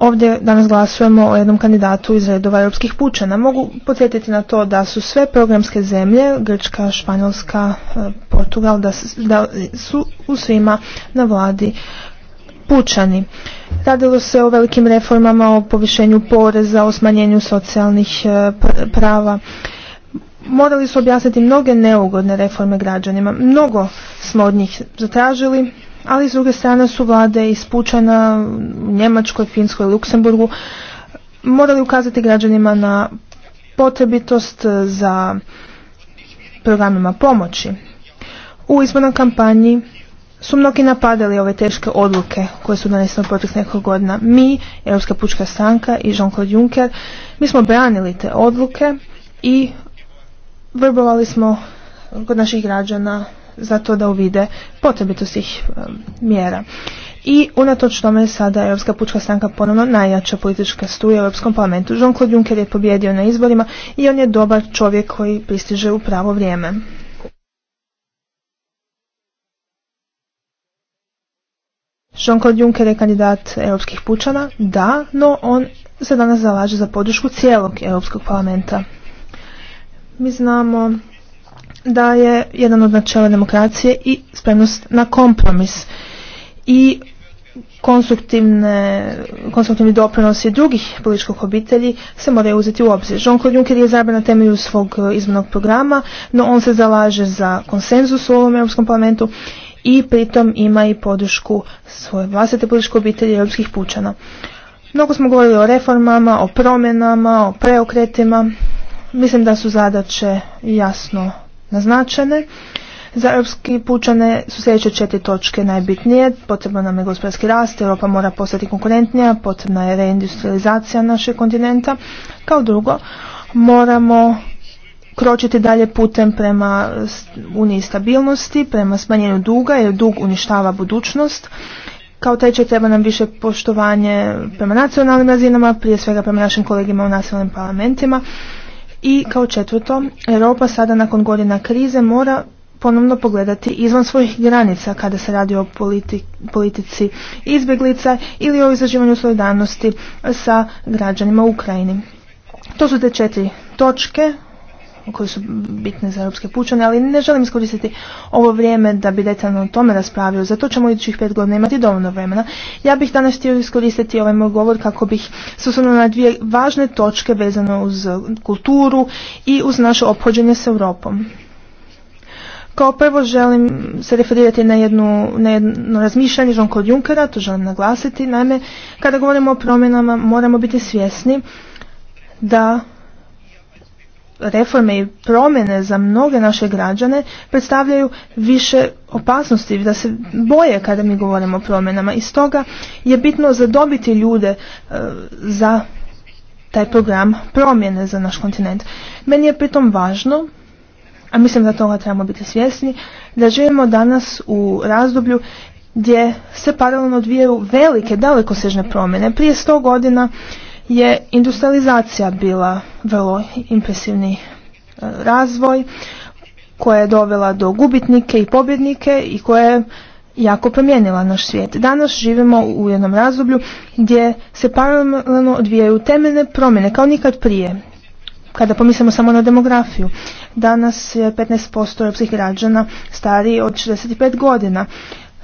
Ovdje danas glasujemo o jednom kandidatu iz redova europskih pučana. Mogu podsjetiti na to da su sve programske zemlje, Grčka, Španjolska, e, Portugal, da, da su u svima na vladi pučani. Radilo se o velikim reformama, o povišenju poreza, o smanjenju socijalnih e, prava. Morali su objasniti mnoge neugodne reforme građanima. Mnogo smo od njih zatražili, ali s druge strane su vlade iz Pučana u Njemačkoj, Finskoj, Luksemburgu morali ukazati građanima na potrebitost e, za programima pomoći. U izbornoj kampanji su mnogi napadali ove teške odluke koje su donesene u proteklih nekoliko godina. Mi, Europska pučka stranka i Jean-Claude Juncker, mi smo branili te odluke i vrbovali smo kod naših građana za to da uvide potrebitost tih e, mjera. I unatoč tome sada Europska pučka stranka ponovno najjača politička struja u Europskom parlamentu. Jean-Claude Juncker je pobjedio na izborima i on je dobar čovjek koji pristiže u pravo vrijeme. Jean-Claude Juncker je kandidat europskih pučana, da, no on se danas zalaže za podršku cijelog Europskog parlamenta. Mi znamo da je jedan od načela demokracije i spremnost na kompromis i konstruktivni doprinosi drugih političkih obitelji se moraju uzeti u obzir. Jean-Claude Juncker je izabran na temelju svog eh, izbornog programa, no on se zalaže za konsenzus u ovom Europskom parlamentu i pritom ima i podršku svoje vlastite političke obitelji europskih pučana. Mnogo smo govorili o reformama, o promjenama, o preokretima. Mislim da su zadaće jasno naznačene. Za europski pučane su sljedeće četiri točke najbitnije. Potrebno nam je gospodarski rast, Europa mora postati konkurentnija, potrebna je reindustrializacija našeg kontinenta. Kao drugo, moramo kročiti dalje putem prema uniji stabilnosti, prema smanjenju duga jer dug uništava budućnost. Kao treće treba nam više poštovanje prema nacionalnim razinama, prije svega prema našim kolegima u nacionalnim parlamentima. I kao četvrto, Europa sada nakon godina krize mora ponovno pogledati izvan svojih granica kada se radi o politi politici izbjeglica ili o izraživanju solidarnosti sa građanima Ukrajini. To su te četiri točke koje su bitne za europske pučane, ali ne želim iskoristiti ovo vrijeme da bi detaljno o tome raspravio, zato ćemo idućih pet godina imati dovoljno vremena. Ja bih danas htio iskoristiti ovaj moj govor kako bih se na dvije važne točke vezano uz kulturu i uz naše ophođenje s Europom. Kao prvo želim se referirati na, jednu, na jedno razmišljanje jean Junckera, to želim naglasiti. Naime, kada govorimo o promjenama moramo biti svjesni da reforme i promjene za mnoge naše građane predstavljaju više opasnosti, da se boje kada mi govorimo o promjenama. I stoga je bitno zadobiti ljude e, za taj program promjene za naš kontinent. Meni je pritom važno, a mislim da toga trebamo biti svjesni, da živimo danas u razdoblju gdje se paralelno odvijaju velike, dalekosežne promjene. Prije sto godina je industrializacija bila vrlo impresivni e, razvoj koja je dovela do gubitnike i pobjednike i koja je jako promijenila naš svijet. Danas živimo u jednom razdoblju gdje se paralelno odvijaju temeljne promjene kao nikad prije. Kada pomislimo samo na demografiju, danas je 15% europskih građana stariji od 65 godina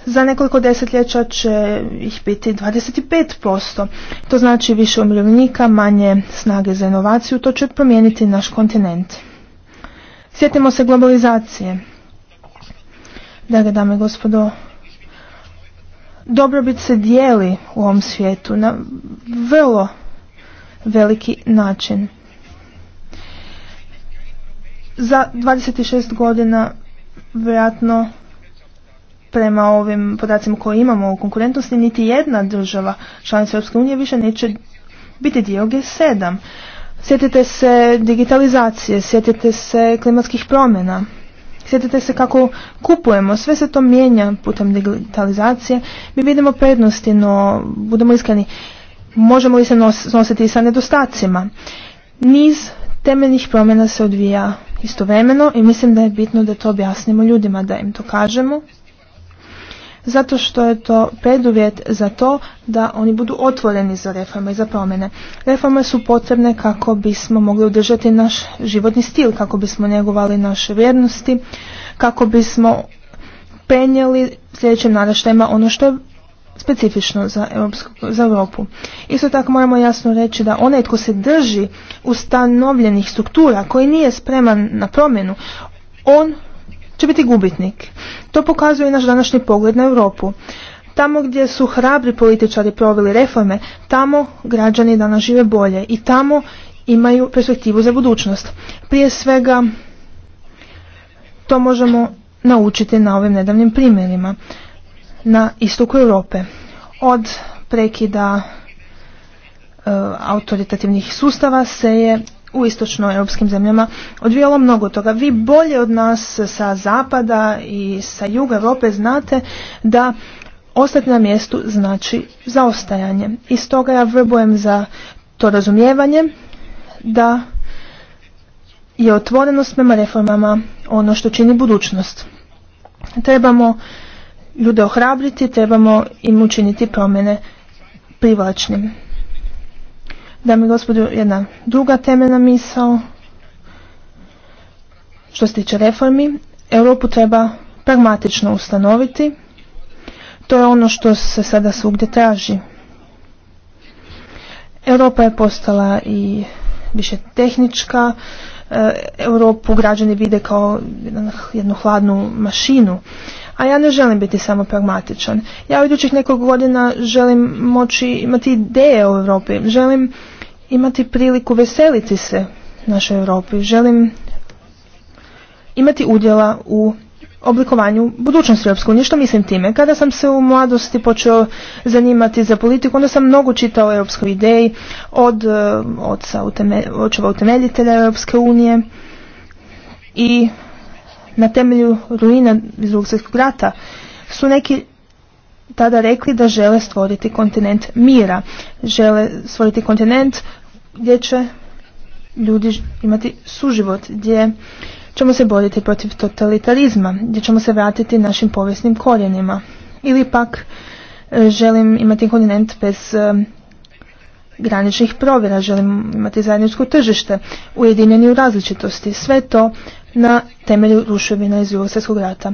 za nekoliko desetljeća će ih biti 25%. To znači više umirovljenika, manje snage za inovaciju. To će promijeniti naš kontinent. Sjetimo se globalizacije. Drage dame i gospodo, dobrobit se dijeli u ovom svijetu na vrlo veliki način. Za 26 godina vjerojatno prema ovim podacima koje imamo u konkurentnosti, niti jedna država članica Europske unije više neće biti dio G7. Sjetite se digitalizacije, sjetite se klimatskih promjena, sjetite se kako kupujemo, sve se to mijenja putem digitalizacije. Mi vidimo prednosti, no budemo iskreni, možemo li se nositi sa nedostacima. Niz temeljnih promjena se odvija istovremeno i mislim da je bitno da to objasnimo ljudima, da im to kažemo zato što je to preduvjet za to da oni budu otvoreni za reforme i za promjene. Reforme su potrebne kako bismo mogli održati naš životni stil, kako bismo njegovali naše vrijednosti, kako bismo penjeli sljedećim naraštajima ono što je specifično za, Europsku, za Europu. Isto tako moramo jasno reći da onaj tko se drži ustanovljenih struktura koji nije spreman na promjenu, on će biti gubitnik. To pokazuje i naš današnji pogled na Europu. Tamo gdje su hrabri političari proveli reforme, tamo građani danas žive bolje i tamo imaju perspektivu za budućnost. Prije svega to možemo naučiti na ovim nedavnim primjerima na istoku Europe. Od prekida e, autoritativnih sustava se je u istočnoeuropskim zemljama odvijalo mnogo toga. Vi bolje od nas sa zapada i sa juga Europe znate da ostati na mjestu znači zaostajanje. I stoga ja vrbujem za to razumijevanje da je otvorenost prema reformama ono što čini budućnost. Trebamo ljude ohrabriti, trebamo im učiniti promjene privlačnim. Dame i gospodo, jedna druga temeljna misao što se tiče reformi. Europu treba pragmatično ustanoviti. To je ono što se sada svugdje traži. Europa je postala i više tehnička. E, Europu građani vide kao jednu hladnu mašinu. A ja ne želim biti samo pragmatičan. Ja u idućih nekoliko godina želim moći imati ideje o Europi. Želim imati priliku veseliti se našoj Europi. Želim imati udjela u oblikovanju budućnosti Europske unije. Što mislim time? Kada sam se u mladosti počeo zanimati za politiku, onda sam mnogo čitao o europskoj ideji od e, oca, očeva utemeljitelja Europske unije i na temelju ruina iz drugog svjetskog rata su neki tada rekli da žele stvoriti kontinent mira. Žele stvoriti kontinent gdje će ljudi imati suživot, gdje ćemo se boriti protiv totalitarizma, gdje ćemo se vratiti našim povijesnim korijenima. Ili pak e, želim imati kontinent bez e, graničnih provjera, želim imati zajedničko tržište, ujedinjeni u različitosti, sve to na temelju ruševina iz Jugoslavskog rata.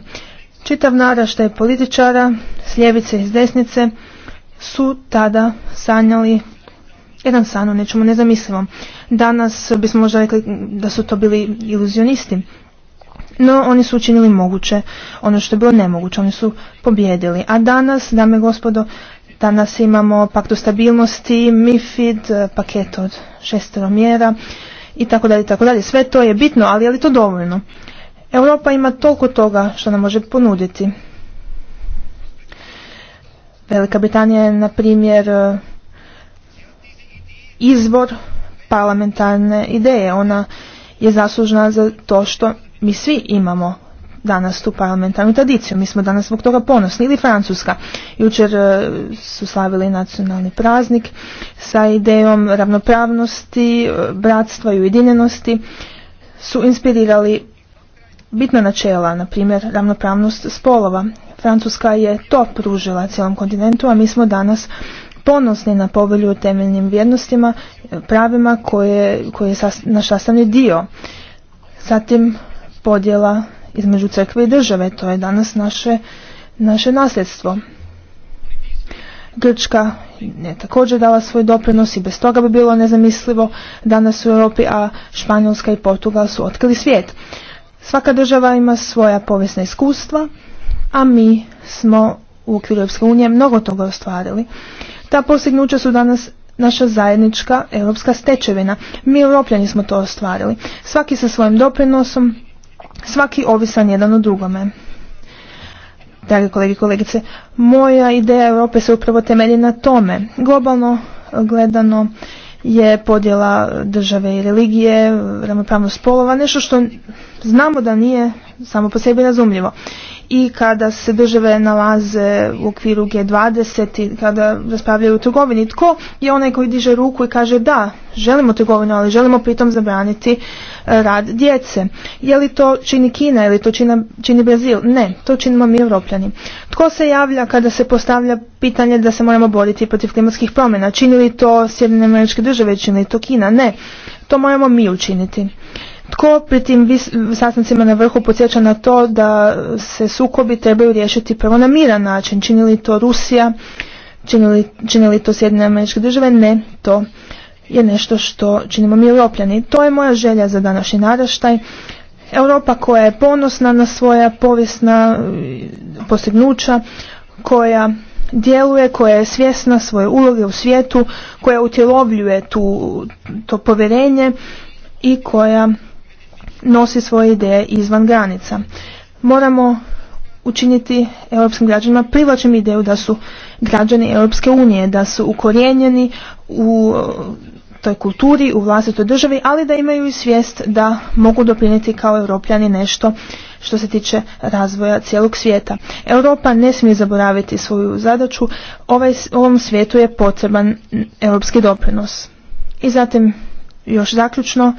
Čitav naraštaj političara s ljevice i s desnice su tada sanjali jedan san o nečemu nezamislivom. Danas bismo možda rekli da su to bili iluzionisti. No, oni su učinili moguće, ono što je bilo nemoguće, oni su pobjedili. A danas, dame i gospodo, danas imamo pakt o stabilnosti, MIFID, paket od šestero mjera i tako dalje, tako dalje. Sve to je bitno, ali je li to dovoljno? Europa ima toliko toga što nam može ponuditi. Velika Britanija je, na primjer, izvor parlamentarne ideje. Ona je zaslužna za to što mi svi imamo danas tu parlamentarnu tradiciju. Mi smo danas zbog toga ponosni. Ili Francuska. Jučer eh, su slavili nacionalni praznik sa idejom ravnopravnosti, eh, bratstva i ujedinjenosti su inspirirali bitna načela, na primjer ravnopravnost spolova. Francuska je to pružila cijelom kontinentu, a mi smo danas ponosni na povelju o temeljnim vrijednostima, pravima koje, koje je naš sastavni dio. Zatim podjela između crkve i države, to je danas naše, naše nasljedstvo. Grčka je također dala svoj doprinos i bez toga bi bilo nezamislivo danas u Europi, a Španjolska i Portugal su otkrili svijet. Svaka država ima svoja povijesna iskustva, a mi smo u okviru Europske unije mnogo toga ostvarili. Ta postignuća su danas naša zajednička europska stečevina. Mi europljani smo to ostvarili. Svaki sa svojim doprinosom, svaki ovisan jedan o drugome. Dragi kolegi i kolegice, moja ideja Europe se upravo temelji na tome. Globalno gledano, je podjela države i religije, ravnopravnost spolova, nešto što znamo da nije samo po sebi razumljivo i kada se države nalaze u okviru G20 i kada raspravljaju o trgovini. Tko je onaj koji diže ruku i kaže da, želimo trgovinu, ali želimo pritom zabraniti e, rad djece. Je li to čini Kina ili to čini, čini Brazil? Ne, to činimo mi evropljani. Tko se javlja kada se postavlja pitanje da se moramo boriti protiv klimatskih promjena? Čini li to Sjedinjene američke države, čini li to Kina? Ne, to moramo mi učiniti. Tko pri tim sastancima na vrhu podsjeća na to da se sukobi trebaju riješiti prvo na miran način? Čini li to Rusija? Čini li, to Sjedinjene američke države? Ne, to je nešto što činimo mi europljani. To je moja želja za današnji naraštaj. Europa koja je ponosna na svoja povijesna e, postignuća, koja djeluje, koja je svjesna svoje uloge u svijetu, koja utjelovljuje tu, to povjerenje i koja nosi svoje ideje izvan granica. Moramo učiniti europskim građanima privlačim ideju da su građani Europske unije, da su ukorijenjeni u uh, toj kulturi, u vlastitoj državi, ali da imaju i svijest da mogu doprinijeti kao europljani nešto što se tiče razvoja cijelog svijeta. Europa ne smije zaboraviti svoju zadaću, ovaj ovom svijetu je potreban europski doprinos. I zatim, još zaključno,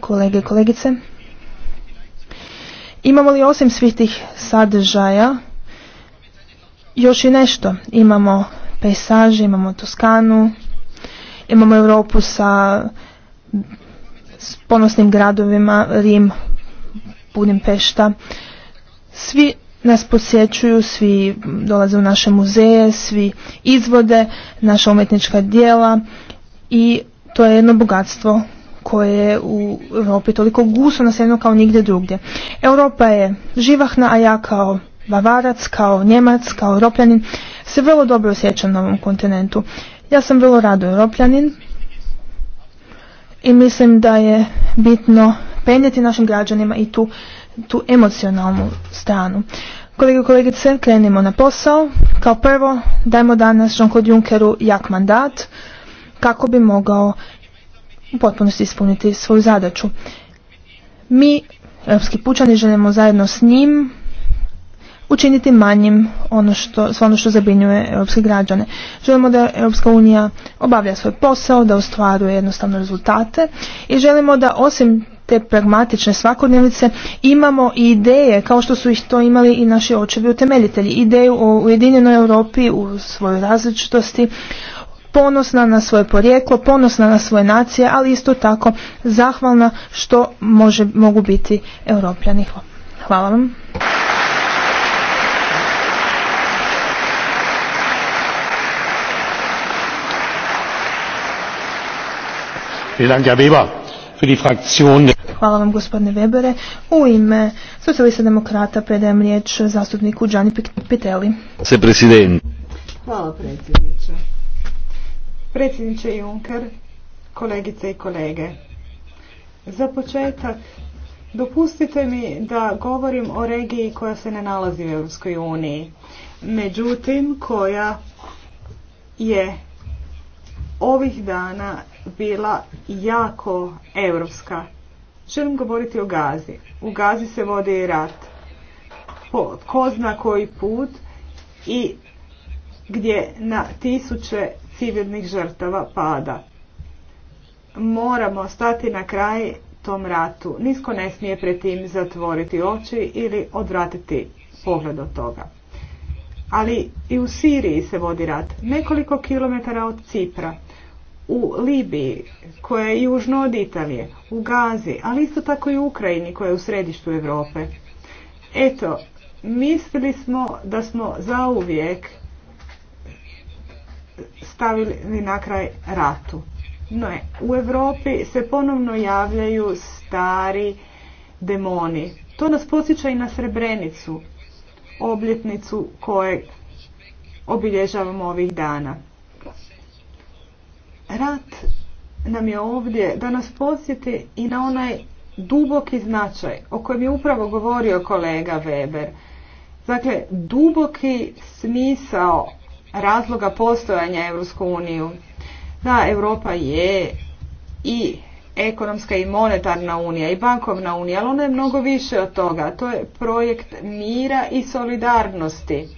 kolege i kolegice, Imamo li osim svih tih sadržaja još i nešto? Imamo pejsaže, imamo Toskanu, imamo Europu sa ponosnim gradovima, Rim, pešta. Svi nas posjećuju, svi dolaze u naše muzeje, svi izvode naša umjetnička dijela i to je jedno bogatstvo koje je u Europi toliko gusto naseljeno kao nigdje drugdje. Europa je živahna, a ja kao Bavarac, kao Njemac, kao Europljanin se vrlo dobro osjećam na ovom kontinentu. Ja sam vrlo rado Europljanin i mislim da je bitno penjeti našim građanima i tu, tu emocionalnu stranu. Kolege i kolegice, krenimo na posao. Kao prvo, dajmo danas Jean-Claude Junckeru jak mandat kako bi mogao u potpunosti ispuniti svoju zadaću. Mi, europski pučani, želimo zajedno s njim učiniti manjim ono što, sve ono što zabinjuje europske građane. Želimo da Europska unija obavlja svoj posao, da ostvaruje jednostavno rezultate i želimo da osim te pragmatične svakodnevice imamo i ideje kao što su ih to imali i naši očevi utemeljitelji. Ideju o ujedinjenoj Europi u svojoj različitosti, ponosna na svoje porijeklo, ponosna na svoje nacije, ali isto tako zahvalna što može, mogu biti europljani. Hvala vam. Hvala vam gospodine Webere. U ime socijalista demokrata predajem riječ zastupniku Gianni Piteli. Hvala predsjedniče. Predsjedniče Juncker, kolegice i kolege. Za početak, dopustite mi da govorim o regiji koja se ne nalazi u Europskoj uniji, međutim koja je ovih dana bila jako europska. Želim govoriti o Gazi. U Gazi se vodi i rat. Po ko zna koji put i gdje na tisuće civilnih žrtava pada. Moramo stati na kraj tom ratu. Nisko ne smije pred tim zatvoriti oči ili odvratiti pogled od toga. Ali i u Siriji se vodi rat, nekoliko kilometara od Cipra, u Libiji, koja je južno od Italije, u Gazi, ali isto tako i u Ukrajini, koja je u središtu Europe. Eto, mislili smo da smo zauvijek stavili na kraj ratu. No, u Europi se ponovno javljaju stari demoni. To nas posjeća i na Srebrenicu, obljetnicu koje obilježavamo ovih dana. Rat nam je ovdje da nas posjeti i na onaj duboki značaj o kojem je upravo govorio kolega Weber. Dakle, duboki smisao razloga postojanja Europsku uniju. Da, Europa je i ekonomska i monetarna unija i bankovna unija, ali ona je mnogo više od toga. To je projekt mira i solidarnosti.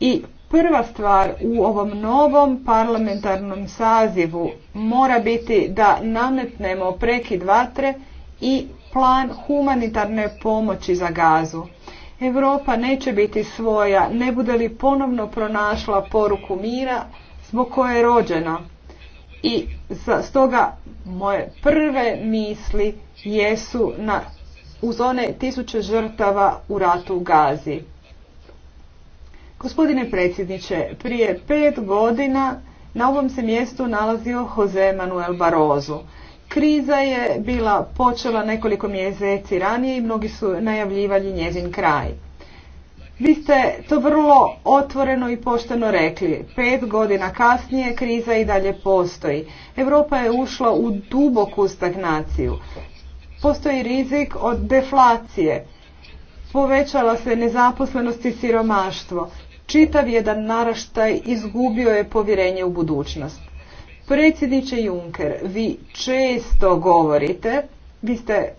I prva stvar u ovom novom parlamentarnom sazivu mora biti da nametnemo prekid vatre i plan humanitarne pomoći za gazu. Europa neće biti svoja, ne bude li ponovno pronašla poruku mira zbog koje je rođena. I stoga moje prve misli jesu na, uz one tisuće žrtava u ratu u Gazi. Gospodine predsjedniče, prije pet godina na ovom se mjestu nalazio Jose Manuel Barozu. Kriza je bila počela nekoliko mjeseci ranije i mnogi su najavljivali njezin kraj. Vi ste to vrlo otvoreno i pošteno rekli. Pet godina kasnije kriza i dalje postoji. Europa je ušla u duboku stagnaciju. Postoji rizik od deflacije. Povećala se nezaposlenost i siromaštvo. Čitav jedan naraštaj izgubio je povjerenje u budućnost. Predsjedniče Juncker, vi često govorite, vi ste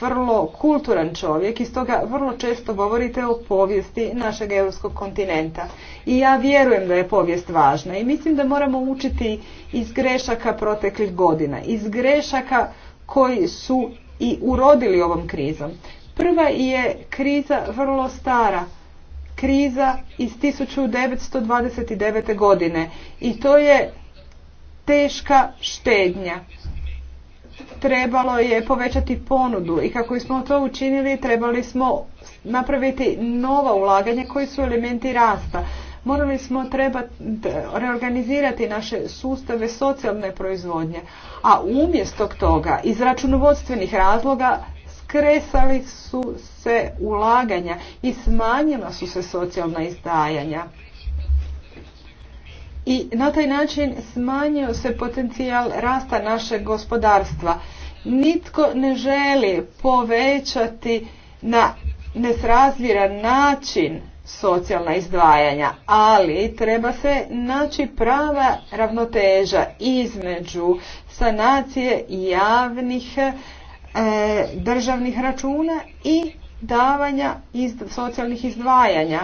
vrlo kulturan čovjek i stoga vrlo često govorite o povijesti našeg europskog kontinenta. I ja vjerujem da je povijest važna i mislim da moramo učiti iz grešaka proteklih godina, iz grešaka koji su i urodili ovom krizom. Prva je kriza vrlo stara, kriza iz 1929. godine i to je teška štednja. Trebalo je povećati ponudu i kako smo to učinili trebali smo napraviti nova ulaganja koji su elementi rasta. Morali smo treba reorganizirati naše sustave socijalne proizvodnje, a umjesto toga iz računovodstvenih razloga skresali su se ulaganja i smanjila su se socijalna izdajanja i na taj način smanjio se potencijal rasta našeg gospodarstva. Nitko ne želi povećati na nesrazmjeran način socijalna izdvajanja, ali treba se naći prava ravnoteža između sanacije javnih e, državnih računa i davanja iz, socijalnih izdvajanja.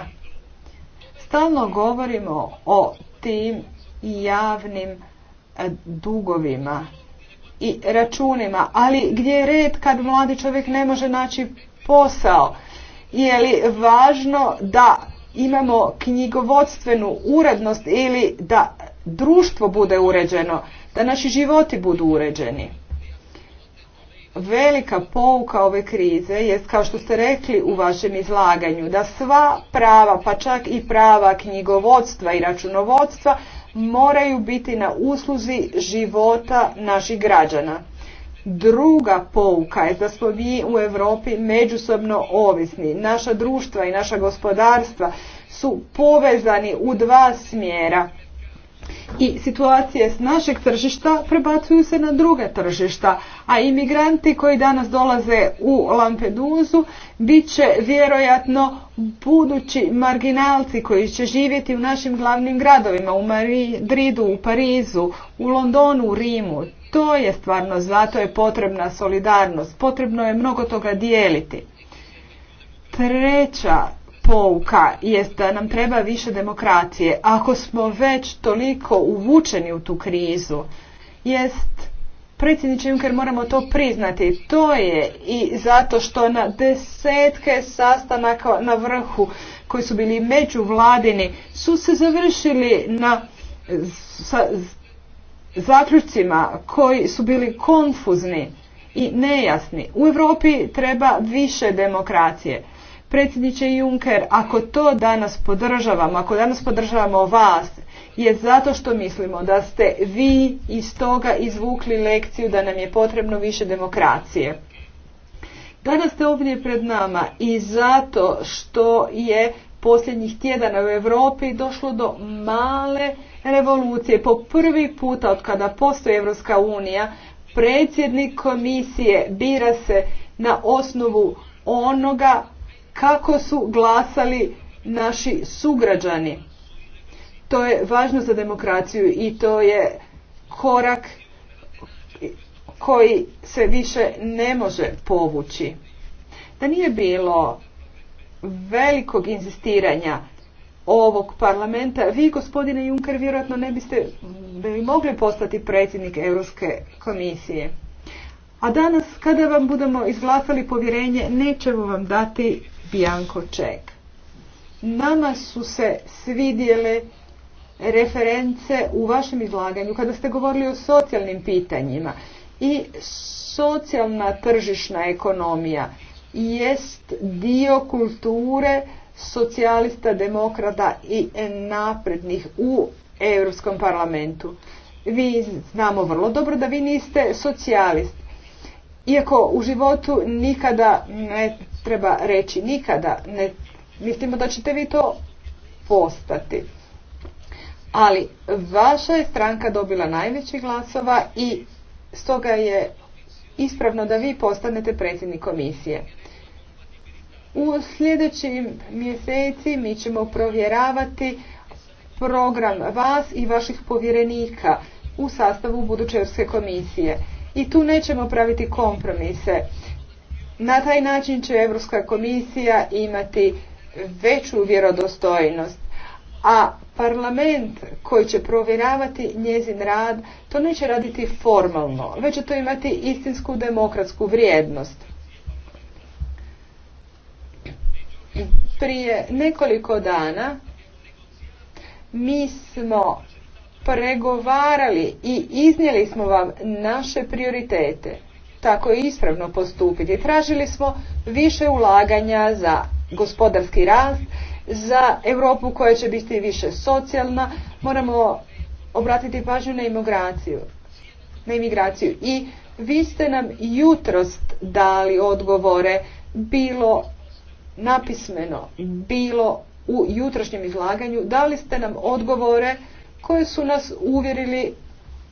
Stalno govorimo o tim javnim e, dugovima i računima, ali gdje je red kad mladi čovjek ne može naći posao? Je li važno da imamo knjigovodstvenu urednost ili da društvo bude uređeno, da naši životi budu uređeni? velika pouka ove krize jest kao što ste rekli u vašem izlaganju da sva prava pa čak i prava knjigovodstva i računovodstva moraju biti na usluzi života naših građana. Druga pouka je da smo mi u Europi međusobno ovisni. Naša društva i naša gospodarstva su povezani u dva smjera i situacije s našeg tržišta prebacuju se na druga tržišta, a imigranti koji danas dolaze u Lampeduzu bit će vjerojatno budući marginalci koji će živjeti u našim glavnim gradovima, u Madridu, u Parizu, u Londonu, u Rimu. To je stvarno, zato je potrebna solidarnost, potrebno je mnogo toga dijeliti. Treća pouka jest da nam treba više demokracije. Ako smo već toliko uvučeni u tu krizu, jest predsjedniče Juncker moramo to priznati. To je i zato što na desetke sastanaka na vrhu koji su bili vladini... su se završili na sa, zaključcima koji su bili konfuzni i nejasni. U Europi treba više demokracije. Predsjedniče Juncker, ako to danas podržavamo, ako danas podržavamo vas, je zato što mislimo da ste vi iz toga izvukli lekciju da nam je potrebno više demokracije. Danas ste ovdje pred nama i zato što je posljednjih tjedana u Europi došlo do male revolucije. Po prvi puta od kada postoji Europska unija, predsjednik komisije bira se na osnovu onoga kako su glasali naši sugrađani. To je važno za demokraciju i to je korak koji se više ne može povući. Da nije bilo velikog inzistiranja ovog parlamenta, vi gospodine Juncker vjerojatno ne biste bi mogli postati predsjednik Europske komisije. A danas kada vam budemo izglasali povjerenje nećemo vam dati Bjanko Ček. Nama su se svidjele reference u vašem izlaganju kada ste govorili o socijalnim pitanjima i socijalna tržišna ekonomija jest dio kulture socijalista, demokrata i naprednih u Europskom parlamentu. Vi znamo vrlo dobro da vi niste socijalist. Iako u životu nikada ne treba reći nikada. Ne mislimo da ćete vi to postati. Ali vaša je stranka dobila najveći glasova i stoga je ispravno da vi postanete predsjednik komisije. U sljedećim mjeseci mi ćemo provjeravati program vas i vaših povjerenika u sastavu buduće Europske komisije. I tu nećemo praviti kompromise. Na taj način će Europska komisija imati veću vjerodostojnost, a parlament koji će provjeravati njezin rad, to neće raditi formalno, već će to imati istinsku demokratsku vrijednost. Prije nekoliko dana mi smo pregovarali i iznijeli smo vam naše prioritete tako ispravno postupiti. Tražili smo više ulaganja za gospodarski rast, za Europu koja će biti više socijalna. Moramo obratiti pažnju na imigraciju. Na imigraciju. I vi ste nam jutros dali odgovore bilo napismeno, bilo u jutrošnjem izlaganju, dali ste nam odgovore koje su nas uvjerili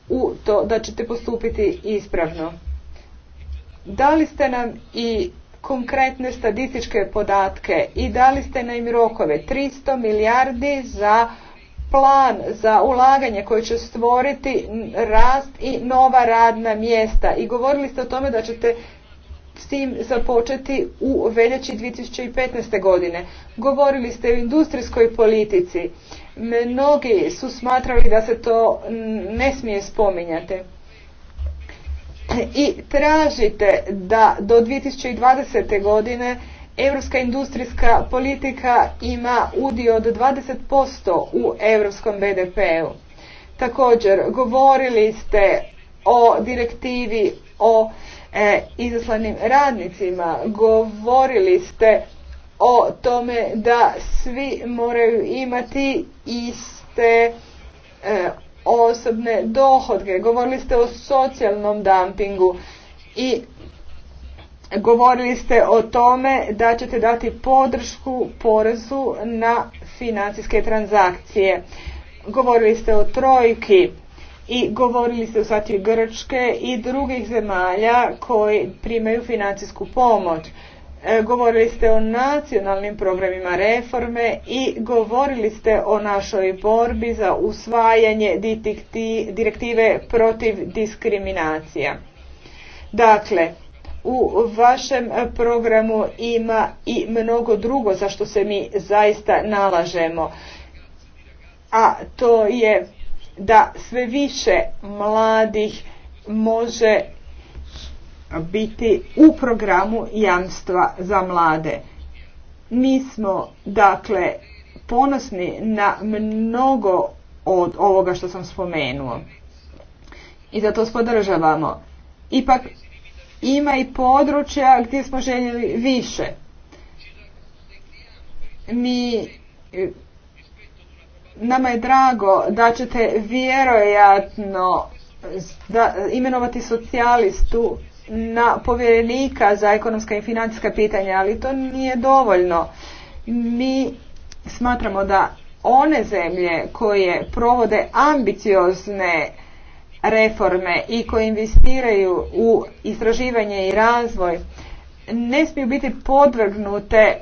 u to da ćete postupiti ispravno dali ste nam i konkretne statističke podatke i dali ste nam rokove 300 milijardi za plan za ulaganje koje će stvoriti rast i nova radna mjesta i govorili ste o tome da ćete s tim započeti u veljači 2015. godine. Govorili ste o industrijskoj politici. Mnogi su smatrali da se to ne smije spominjati i tražite da do 2020. godine europska industrijska politika ima udio od 20% u europskom BDP-u. Također, govorili ste o direktivi o e, izaslanim radnicima, govorili ste o tome da svi moraju imati iste e, osobne dohodke, govorili ste o socijalnom dumpingu i govorili ste o tome da ćete dati podršku porezu na financijske transakcije. Govorili ste o trojki i govorili ste o sati Grčke i drugih zemalja koji primaju financijsku pomoć. E, govorili ste o nacionalnim programima reforme i govorili ste o našoj borbi za usvajanje direktive protiv diskriminacija. Dakle, u vašem programu ima i mnogo drugo za što se mi zaista nalažemo. A to je da sve više mladih može biti u programu jamstva za mlade. Mi smo dakle ponosni na mnogo od ovoga što sam spomenuo. I zato spodržavamo. Ipak ima i područja gdje smo željeli više. Mi nama je drago da ćete vjerojatno imenovati socijalistu na povjerenika za ekonomska i financijska pitanja, ali to nije dovoljno. Mi smatramo da one zemlje koje provode ambiciozne reforme i koje investiraju u istraživanje i razvoj ne smiju biti podvrgnute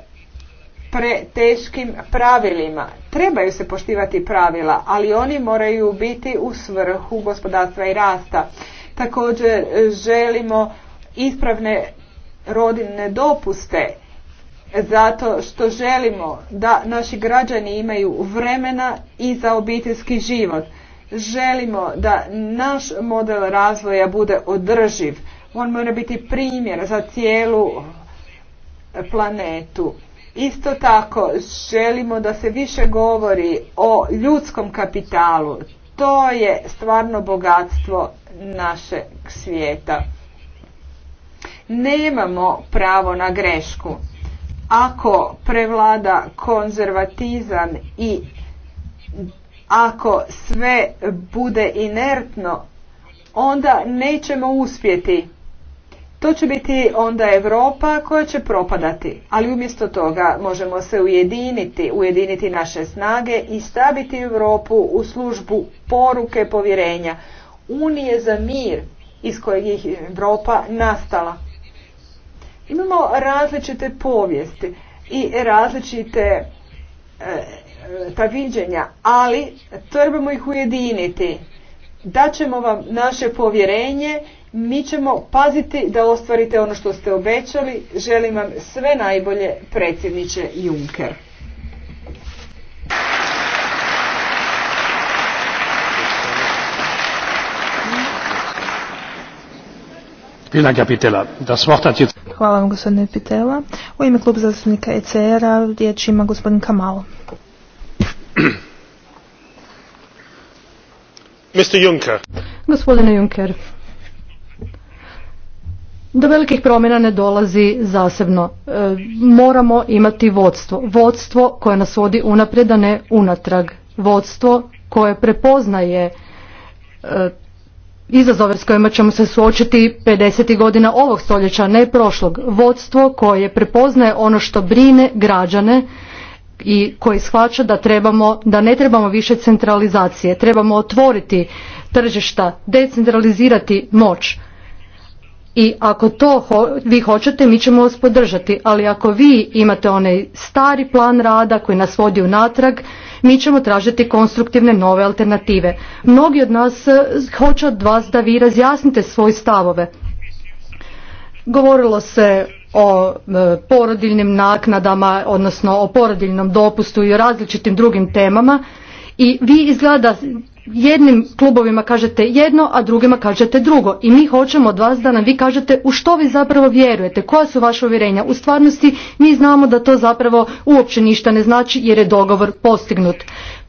preteškim pravilima. Trebaju se poštivati pravila, ali oni moraju biti u svrhu gospodarstva i rasta. Također e, želimo ispravne rodinne dopuste zato što želimo da naši građani imaju vremena i za obiteljski život. Želimo da naš model razvoja bude održiv. On mora biti primjer za cijelu planetu. Isto tako želimo da se više govori o ljudskom kapitalu. To je stvarno bogatstvo našeg svijeta. Nemamo pravo na grešku. Ako prevlada konzervatizam i ako sve bude inertno, onda nećemo uspjeti. To će biti onda Europa koja će propadati, ali umjesto toga možemo se ujediniti, ujediniti naše snage i staviti Europu u službu poruke povjerenja unije za mir iz kojeg je Europa nastala. Imamo različite povijesti i različite e, ta viđenja, ali trebamo ih ujediniti. Daćemo vam naše povjerenje, mi ćemo paziti da ostvarite ono što ste obećali. Želim vam sve najbolje, predsjedniče Juncker. Hvala vam gospodine Pitela. U ime klub zastupnika ECR-a riječ ima gospodin Kamal. Mr. Juncker. Gospodine Juncker, do velikih promjena ne dolazi zasebno. E, moramo imati vodstvo. Vodstvo koje nas vodi unaprijed, a ne unatrag. Vodstvo koje prepoznaje e, izazove s kojima ćemo se suočiti 50. godina ovog stoljeća, ne prošlog. Vodstvo koje prepoznaje ono što brine građane i koji shvaća da, trebamo, da ne trebamo više centralizacije, trebamo otvoriti tržišta, decentralizirati moć. I ako to vi hoćete, mi ćemo vas podržati, ali ako vi imate onaj stari plan rada koji nas vodi unatrag, natrag, mi ćemo tražiti konstruktivne nove alternative. Mnogi od nas eh, hoće od vas da vi razjasnite svoje stavove. Govorilo se o eh, porodiljnim naknadama, odnosno o porodiljnom dopustu i o različitim drugim temama i vi izgleda jednim klubovima kažete jedno, a drugima kažete drugo. I mi hoćemo od vas da nam vi kažete u što vi zapravo vjerujete, koja su vaše uvjerenja. U stvarnosti mi znamo da to zapravo uopće ništa ne znači jer je dogovor postignut.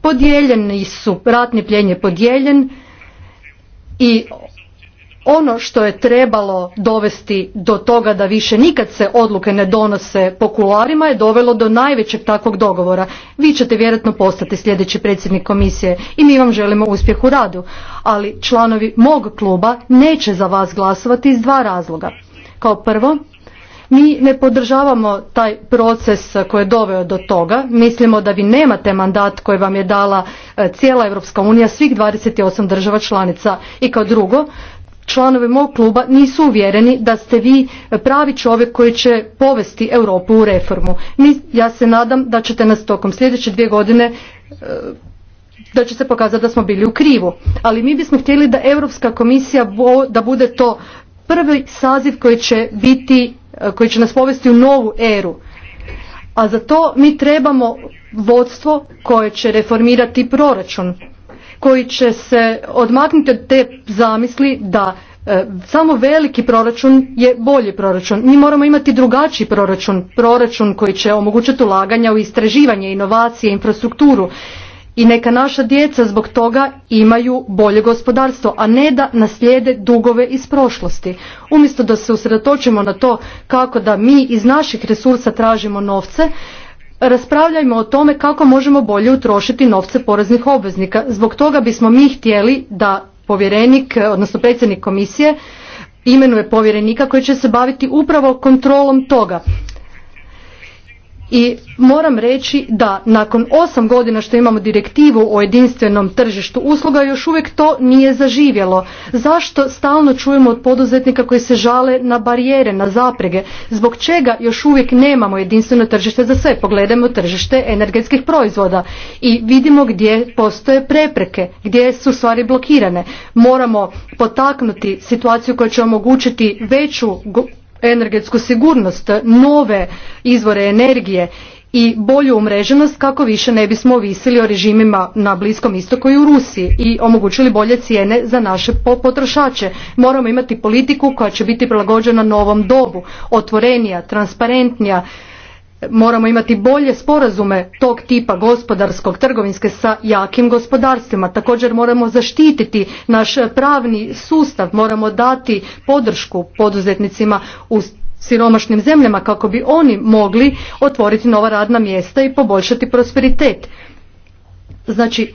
Podijeljeni su, ratni pljen je podijeljen i ono što je trebalo dovesti do toga da više nikad se odluke ne donose po kularima je dovelo do najvećeg takvog dogovora. Vi ćete vjerojatno postati sljedeći predsjednik komisije i mi vam želimo uspjeh u radu, ali članovi mog kluba neće za vas glasovati iz dva razloga. Kao prvo, mi ne podržavamo taj proces koji je doveo do toga. Mislimo da vi nemate mandat koji vam je dala e, cijela Europska unija, svih 28 država članica. I kao drugo, članovi mog kluba nisu uvjereni da ste vi pravi čovjek koji će povesti Europu u reformu. ja se nadam da ćete nas tokom sljedeće dvije godine e, da će se pokazati da smo bili u krivu. Ali mi bismo htjeli da Europska komisija da bude to prvi saziv koji će biti, e, koji će nas povesti u novu eru. A za to mi trebamo vodstvo koje će reformirati proračun koji će se odmaknuti od te zamisli da e, samo veliki proračun je bolji proračun. Mi moramo imati drugačiji proračun, proračun koji će omogućiti ulaganja u istraživanje, inovacije, infrastrukturu i neka naša djeca zbog toga imaju bolje gospodarstvo, a ne da naslijede dugove iz prošlosti. Umjesto da se usredotočimo na to kako da mi iz naših resursa tražimo novce, raspravljajmo o tome kako možemo bolje utrošiti novce poreznih obveznika. Zbog toga bismo mi htjeli da povjerenik, odnosno predsjednik komisije, imenuje povjerenika koji će se baviti upravo kontrolom toga i moram reći da nakon osam godina što imamo direktivu o jedinstvenom tržištu usluga još uvijek to nije zaživjelo. Zašto stalno čujemo od poduzetnika koji se žale na barijere, na zaprege? Zbog čega još uvijek nemamo jedinstveno tržište za sve? Pogledajmo tržište energetskih proizvoda i vidimo gdje postoje prepreke, gdje su stvari blokirane. Moramo potaknuti situaciju koja će omogućiti veću energetsku sigurnost, nove izvore energije i bolju umreženost kako više ne bismo ovisili o režimima na Bliskom istoku i u Rusiji i omogućili bolje cijene za naše potrošače. Moramo imati politiku koja će biti prilagođena novom dobu, otvorenija, transparentnija, moramo imati bolje sporazume tog tipa gospodarskog, trgovinske sa jakim gospodarstvima. Također moramo zaštititi naš pravni sustav, moramo dati podršku poduzetnicima u siromašnim zemljama kako bi oni mogli otvoriti nova radna mjesta i poboljšati prosperitet. Znači,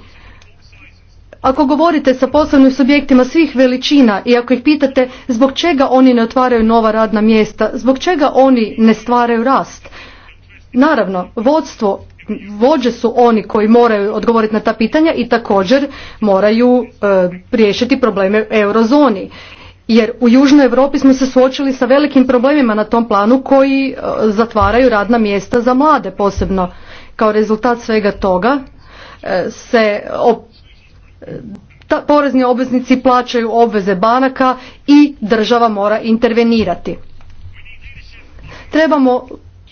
ako govorite sa poslovnim subjektima svih veličina i ako ih pitate zbog čega oni ne otvaraju nova radna mjesta, zbog čega oni ne stvaraju rast, Naravno, vodstvo, vođe su oni koji moraju odgovoriti na ta pitanja i također moraju e, riješiti probleme u eurozoni. Jer u Južnoj Europi smo se suočili sa velikim problemima na tom planu koji e, zatvaraju radna mjesta za mlade posebno. Kao rezultat svega toga e, se porezni obveznici plaćaju obveze banaka i država mora intervenirati trebamo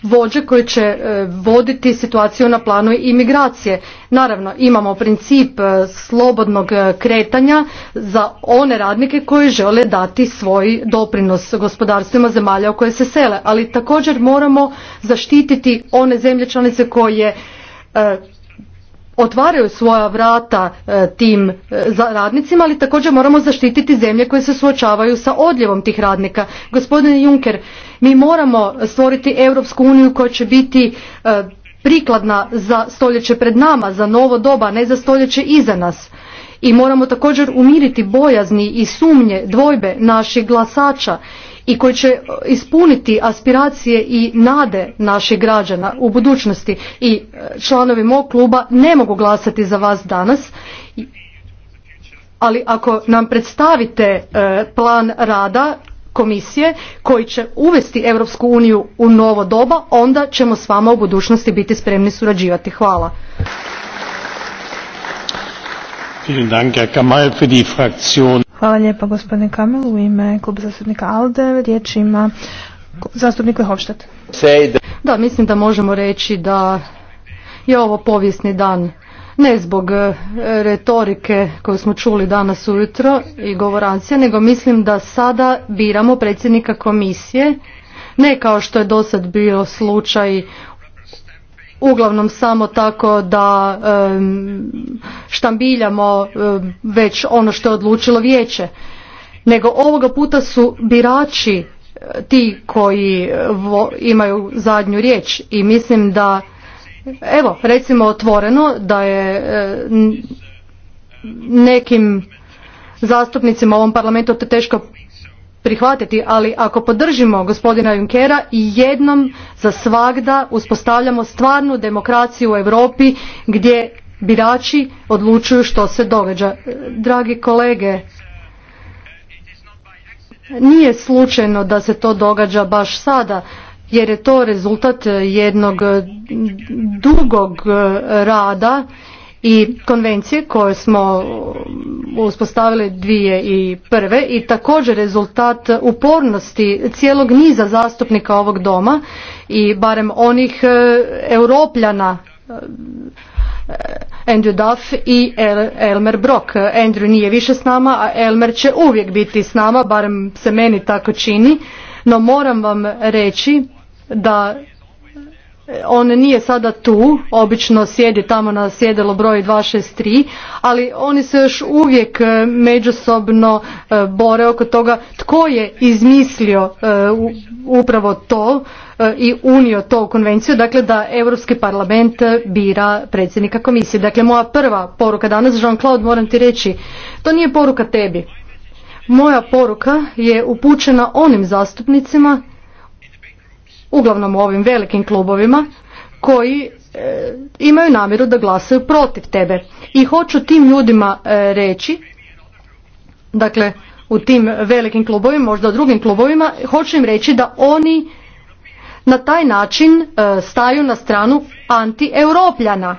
vođe koji će e, voditi situaciju na planu imigracije. Naravno, imamo princip e, slobodnog e, kretanja za one radnike koji žele dati svoj doprinos gospodarstvima zemalja u koje se sele, ali također moramo zaštititi one zemlje članice koje otvaraju svoja vrata e, tim e, radnicima, ali također moramo zaštititi zemlje koje se suočavaju sa odljevom tih radnika. Gospodine Juncker, mi moramo stvoriti Europsku uniju koja će biti e, prikladna za stoljeće pred nama, za novo doba, ne za stoljeće iza nas. I moramo također umiriti bojazni i sumnje, dvojbe naših glasača i koji će e, ispuniti aspiracije i nade naših građana u budućnosti i e, članovi mog kluba ne mogu glasati za vas danas ali ako nam predstavite e, plan rada komisije koji će uvesti Europsku uniju u novo doba, onda ćemo s vama u budućnosti biti spremni surađivati. Hvala. Hvala lijepa gospodine Kamilu, U ime kluba zastupnika ALDE riječ ima zastupnik Lehovštad. Da, mislim da možemo reći da je ovo povijesni dan ne zbog e, retorike koju smo čuli danas ujutro i govorancija, nego mislim da sada biramo predsjednika komisije, ne kao što je dosad bio slučaj uglavnom samo tako da štambiljamo već ono što je odlučilo vijeće nego ovoga puta su birači eh, ti koji eh, imaju zadnju riječ i mislim da evo recimo otvoreno da je eh, nekim zastupnicima u ovom parlamentu to teško prihvatiti, ali ako podržimo gospodina Junckera i jednom za svagda uspostavljamo stvarnu demokraciju u Europi gdje birači odlučuju što se događa. Dragi kolege, nije slučajno da se to događa baš sada, jer je to rezultat jednog dugog rada i konvencije koje smo uspostavili dvije i prve i također rezultat upornosti cijelog niza zastupnika ovog doma i barem onih e, europljana e, Andrew Duff i Elmer Brock. Andrew nije više s nama, a Elmer će uvijek biti s nama, barem se meni tako čini, no moram vam reći da on nije sada tu, obično sjedi tamo na sjedelo broj 263, ali oni se još uvijek e, međusobno e, bore oko toga tko je izmislio e, upravo to i unio to u konvenciju, dakle da Europski parlament bira predsjednika komisije. Dakle, moja prva poruka danas, Jean-Claude, moram ti reći, to nije poruka tebi. Moja poruka je upućena onim zastupnicima uglavnom u ovim velikim klubovima koji e, imaju namjeru da glasaju protiv tebe i hoću tim ljudima e, reći dakle u tim velikim klubovima možda u drugim klubovima hoću im reći da oni na taj način e, staju na stranu anti-europljana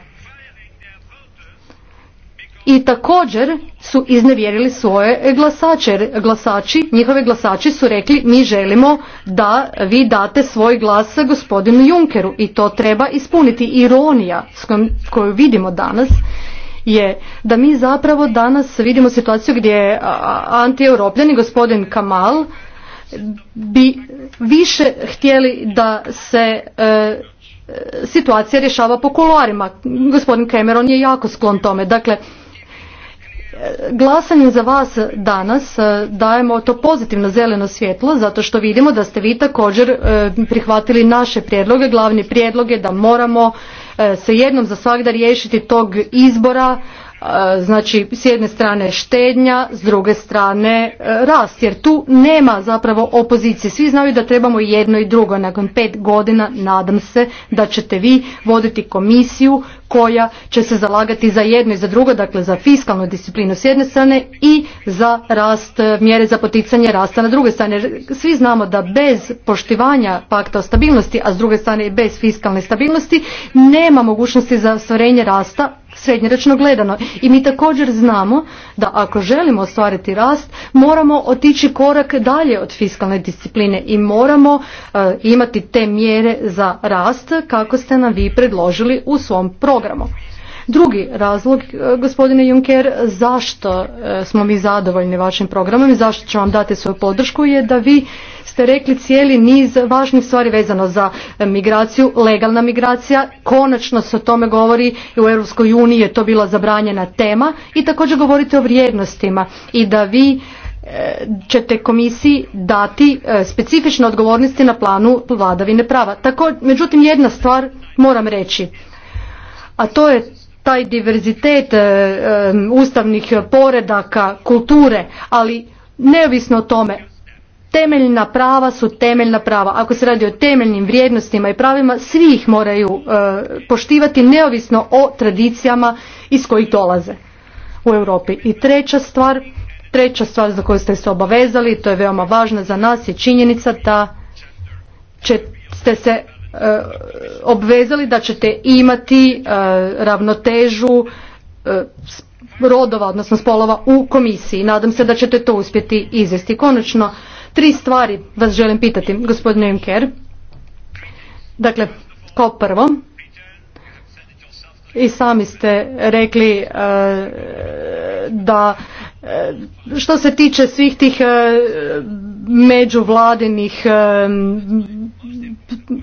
i također su iznevjerili svoje glasače. Glasači, njihovi glasači su rekli mi želimo da vi date svoj glas gospodinu Junkeru i to treba ispuniti. Ironija s kojom, koju vidimo danas je da mi zapravo danas vidimo situaciju gdje antieuropljani gospodin Kamal bi više htjeli da se e, situacija rješava po kuloarima. Gospodin Cameron je jako sklon tome. Dakle, glasanje za vas danas e, dajemo to pozitivno zeleno svjetlo zato što vidimo da ste vi također e, prihvatili naše prijedloge, glavni prijedloge da moramo e, se jednom za svakda riješiti tog izbora znači s jedne strane štednja, s druge strane rast, jer tu nema zapravo opozicije. Svi znaju da trebamo jedno i drugo. Nakon pet godina nadam se da ćete vi voditi komisiju koja će se zalagati za jedno i za drugo, dakle za fiskalnu disciplinu s jedne strane i za rast e, mjere za poticanje rasta na druge strane. Svi znamo da bez poštivanja pakta o stabilnosti, a s druge strane i bez fiskalne stabilnosti, nema mogućnosti za ostvarenje rasta srednjeročno gledano. I mi također znamo da ako želimo ostvariti rast, moramo otići korak dalje od fiskalne discipline i moramo e, imati te mjere za rast kako ste nam vi predložili u svom programu. Drugi razlog, e, gospodine Juncker, zašto e, smo mi zadovoljni vašim programom i zašto ću vam dati svoju podršku je da vi ste rekli cijeli niz važnih stvari vezano za e, migraciju, legalna migracija, konačno se o tome govori i u Europskoj uniji je to bila zabranjena tema i također govorite o vrijednostima i da vi ćete komisiji dati specifične odgovornosti na planu vladavine prava. Tako, međutim, jedna stvar moram reći a to je taj diverzitet e, ustavnih poredaka, kulture, ali neovisno o tome, temeljna prava su temeljna prava. Ako se radi o temeljnim vrijednostima i pravima, svi ih moraju e, poštivati neovisno o tradicijama iz kojih dolaze u Europi. I treća stvar, treća stvar za koju ste se obavezali, to je veoma važna za nas, je činjenica da ćete ste se Eh, obvezali da ćete imati eh, ravnotežu eh, rodova, odnosno spolova u komisiji. Nadam se da ćete to uspjeti izvesti. Konačno, tri stvari vas želim pitati, gospodine Juncker. Dakle, kao prvo, i sami ste rekli da što se tiče svih tih međuvladinih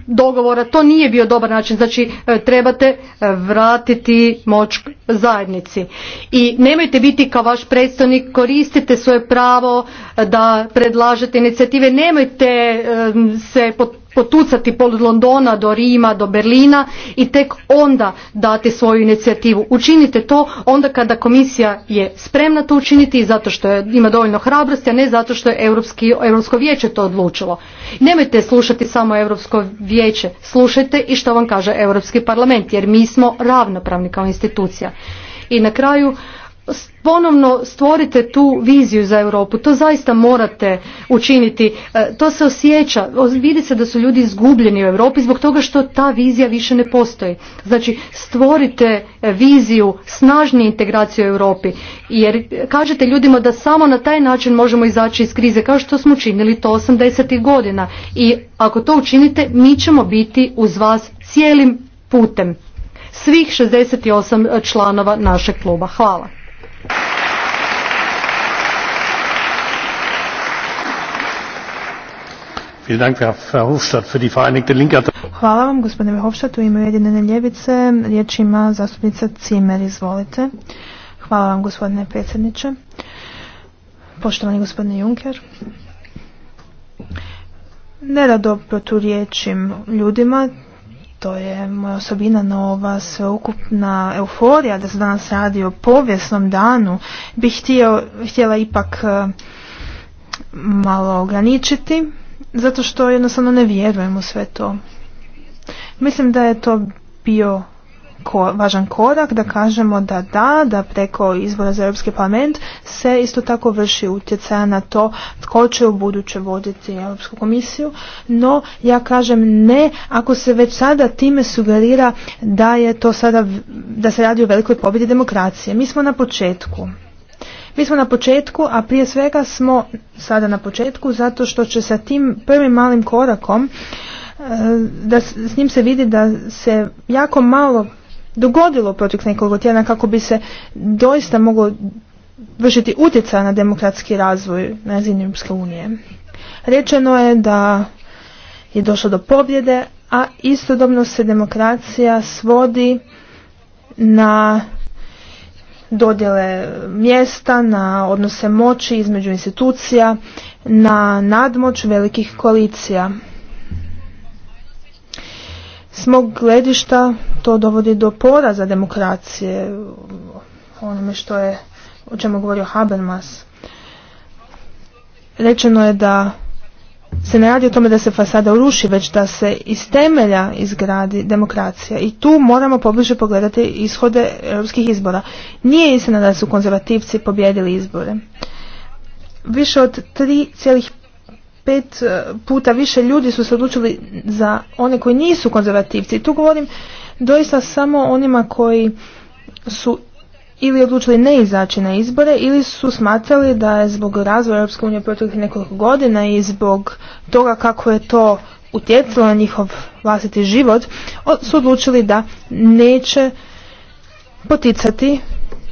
dogovora, to nije bio dobar način. Znači e, trebate e, vratiti moć zajednici. I nemojte biti kao vaš predstavnik, koristite svoje pravo e, da predlažete inicijative, nemojte se pod potucati pod Londona do Rima, do Berlina i tek onda dati svoju inicijativu. Učinite to onda kada komisija je spremna to učiniti zato što je, ima dovoljno hrabrosti, a ne zato što je Europski, Europsko vijeće to odlučilo. Nemojte slušati samo Europsko vijeće, slušajte i što vam kaže Europski parlament jer mi smo ravnopravni kao institucija. I na kraju ponovno stvorite tu viziju za Europu. To zaista morate učiniti. E, to se osjeća. Vidi se da su ljudi izgubljeni u Europi zbog toga što ta vizija više ne postoji. Znači stvorite e, viziju snažnije integracije u Europi. Jer e, kažete ljudima da samo na taj način možemo izaći iz krize kao što smo učinili to 80. godina. I ako to učinite mi ćemo biti uz vas cijelim putem svih 68 članova našeg kluba. Hvala. Hvala vam, gospodine Verhofstadt, u ime Ujedinjene ljevice. Riječ ima zastupnica Cimer, izvolite. Hvala vam, gospodine predsjedniče. Poštovani gospodine Juncker. Nerado proturječim ljudima, to je moja osobina, nova ova sveukupna euforija da se danas radi o povijesnom danu, bih htjela ipak eh, malo ograničiti zato što jednostavno ne vjerujem u sve to. Mislim da je to bio ko, važan korak da kažemo da da, da preko izbora za Europski parlament se isto tako vrši utjecaja na to tko će u buduće voditi Europsku komisiju, no ja kažem ne ako se već sada time sugerira da je to sada, da se radi o velikoj pobjedi demokracije. Mi smo na početku mi smo na početku, a prije svega smo sada na početku zato što će sa tim prvim malim korakom e, da s njim se vidi da se jako malo dogodilo protiv nekoliko tjedana kako bi se doista moglo vršiti utjecaj na demokratski razvoj na razini Europske unije. Rečeno je da je došlo do pobjede, a istodobno se demokracija svodi na dodjele mjesta, na odnose moći između institucija, na nadmoć velikih koalicija. S mog gledišta to dovodi do poraza demokracije, onome što je, o čemu govorio Habermas. Rečeno je da se ne radi o tome da se fasada uruši, već da se iz temelja izgradi demokracija. I tu moramo pobliže pogledati ishode europskih izbora. Nije istina da su konzervativci pobjedili izbore. Više od 3,5 eh, puta više ljudi su se odlučili za one koji nisu konzervativci. I tu govorim doista samo onima koji su ili odlučili ne izaći na izbore ili su smatrali da je zbog razvoja Europske unije proteklih nekoliko godina i zbog toga kako je to utjecalo na njihov vlastiti život su odlučili da neće poticati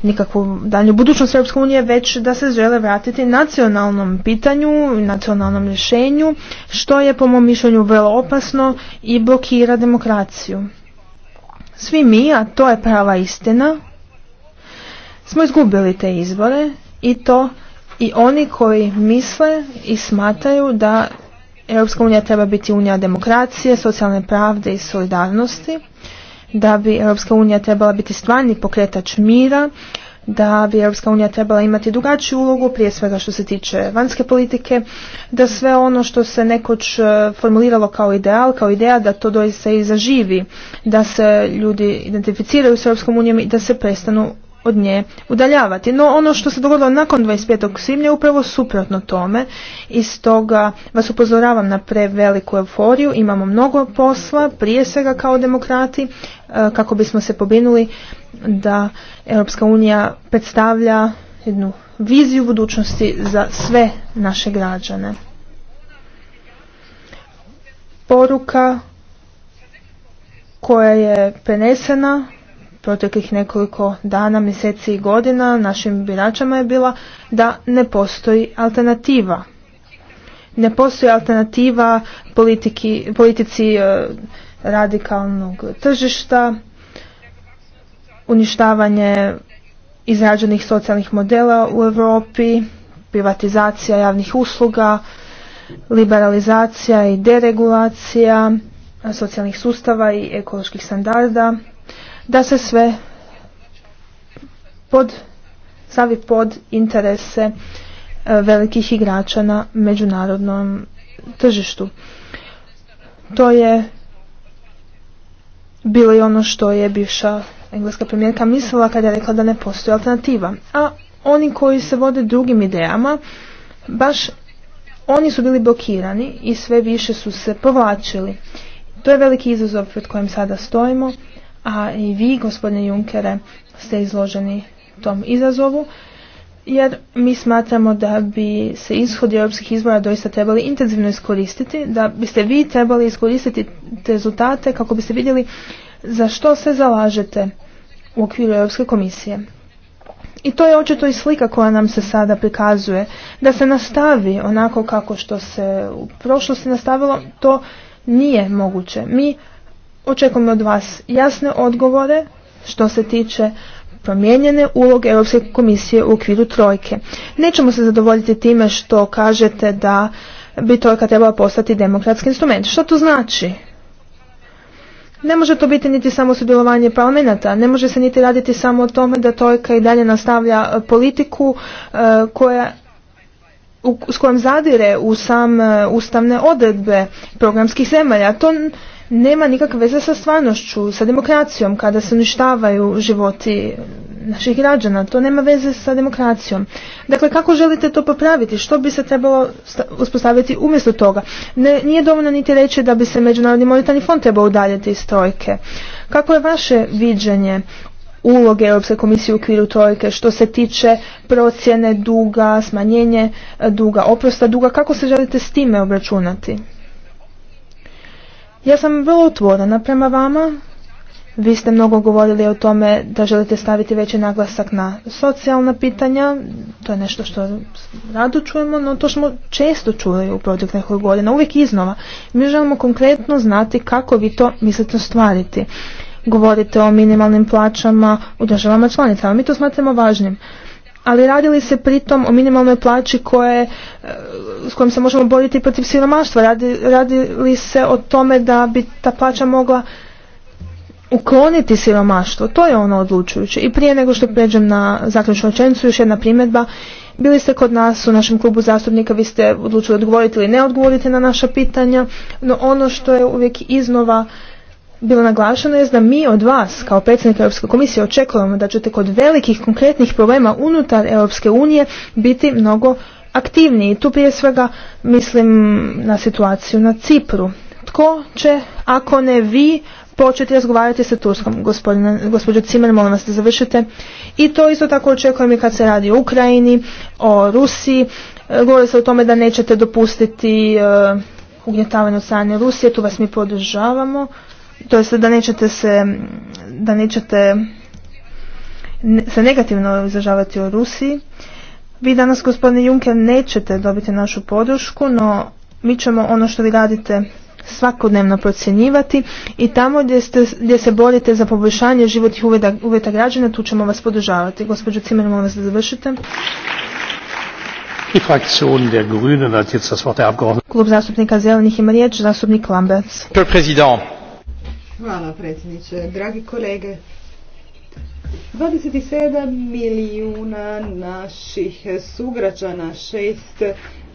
nikakvu danju budućnost Europske unije, već da se žele vratiti nacionalnom pitanju, nacionalnom rješenju, što je po mom mišljenju vrlo opasno i blokira demokraciju. Svi mi, a to je prava istina, smo izgubili te izbore i to i oni koji misle i smataju da Europska unija treba biti unija demokracije, socijalne pravde i solidarnosti, da bi Europska unija trebala biti stvarni pokretač mira, da bi Europska unija trebala imati drugačiju ulogu, prije svega što se tiče vanjske politike, da sve ono što se nekoć e, formuliralo kao ideal, kao ideja, da to doista i zaživi, da se ljudi identificiraju s Europskom unijom i da se prestanu od nje udaljavati. No ono što se dogodilo nakon 25. svibnja je upravo suprotno tome i stoga vas upozoravam na preveliku euforiju. Imamo mnogo posla, prije svega kao demokrati, e, kako bismo se pobinuli da Europska unija predstavlja jednu viziju budućnosti za sve naše građane. Poruka koja je prenesena proteklih nekoliko dana, mjeseci i godina našim biračama je bila da ne postoji alternativa. Ne postoji alternativa politiki, politici e, radikalnog tržišta, uništavanje izrađenih socijalnih modela u Europi, privatizacija javnih usluga, liberalizacija i deregulacija socijalnih sustava i ekoloških standarda da se sve pod, stavi pod interese e, velikih igrača na međunarodnom tržištu. To je bilo i ono što je bivša engleska premijerka mislila kada je rekla da ne postoji alternativa. A oni koji se vode drugim idejama, baš oni su bili blokirani i sve više su se povlačili. To je veliki izazov pred kojim sada stojimo a i vi, gospodine Junkere, ste izloženi tom izazovu, jer mi smatramo da bi se ishodi europskih izbora doista trebali intenzivno iskoristiti, da biste vi trebali iskoristiti te rezultate kako biste vidjeli za što se zalažete u okviru Europske komisije. I to je očito i slika koja nam se sada prikazuje. Da se nastavi onako kako što se u prošlosti nastavilo, to nije moguće. Mi Očekujem od vas jasne odgovore što se tiče promijenjene uloge Europske komisije u okviru trojke. Nećemo se zadovoljiti time što kažete da bi trojka trebala postati demokratski instrument. Što to znači? Ne može to biti niti samo sudjelovanje parlamenta, ne može se niti raditi samo o tome da trojka i dalje nastavlja e, politiku e, koja s kojom zadire u sam e, ustavne odredbe programskih zemalja. To nema nikakve veze sa stvarnošću, sa demokracijom, kada se uništavaju životi naših građana. To nema veze sa demokracijom. Dakle, kako želite to popraviti? Što bi se trebalo uspostaviti umjesto toga? Ne, nije dovoljno niti reći da bi se Međunarodni monetarni fond trebao udaljati iz trojke. Kako je vaše viđenje uloge Europske komisije u okviru trojke što se tiče procjene duga, smanjenje e, duga, oprosta duga? Kako se želite s time obračunati? Ja sam vrlo otvorena prema vama. Vi ste mnogo govorili o tome da želite staviti veći naglasak na socijalna pitanja. To je nešto što rado čujemo, no to smo često čuli u proteklih nekoliko godina, uvijek iznova. Mi želimo konkretno znati kako vi to mislite ostvariti. Govorite o minimalnim plaćama u državama članicama, mi to smatramo važnim ali radi li se pritom o minimalnoj plaći koje, e, s kojom se možemo boriti protiv siromaštva? Radi, li se o tome da bi ta plaća mogla ukloniti siromaštvo? To je ono odlučujuće. I prije nego što pređem na zaključnu očenicu, još jedna primjedba. Bili ste kod nas u našem klubu zastupnika, vi ste odlučili odgovoriti ili ne odgovoriti na naša pitanja, no ono što je uvijek iznova bilo naglašeno je da mi od vas kao predsjednika Europske komisije očekujemo da ćete kod velikih konkretnih problema unutar Europske unije biti mnogo aktivniji. Tu prije svega mislim na situaciju na Cipru. Tko će, ako ne vi, početi razgovarati sa Turskom, gospođo Cimer, molim vas da završite. I to isto tako očekujem i kad se radi o Ukrajini, o Rusiji. E, govori se o tome da nećete dopustiti e, ugnjetavanje od Rusije, tu vas mi podržavamo to jest da nećete se da nećete se negativno izražavati o Rusiji. Vi danas, gospodine Juncker, nećete dobiti našu podršku, no mi ćemo ono što vi radite svakodnevno procjenjivati i tamo gdje, ste, gdje se borite za poboljšanje životnih uvjeta, građana, tu ćemo vas podržavati. Gospođo Cimer, molim vas da završite. Klub zastupnika Zelenih ima riječ, zastupnik Hvala predsjedniče. Dragi kolege, 27 milijuna naših sugrađana, 6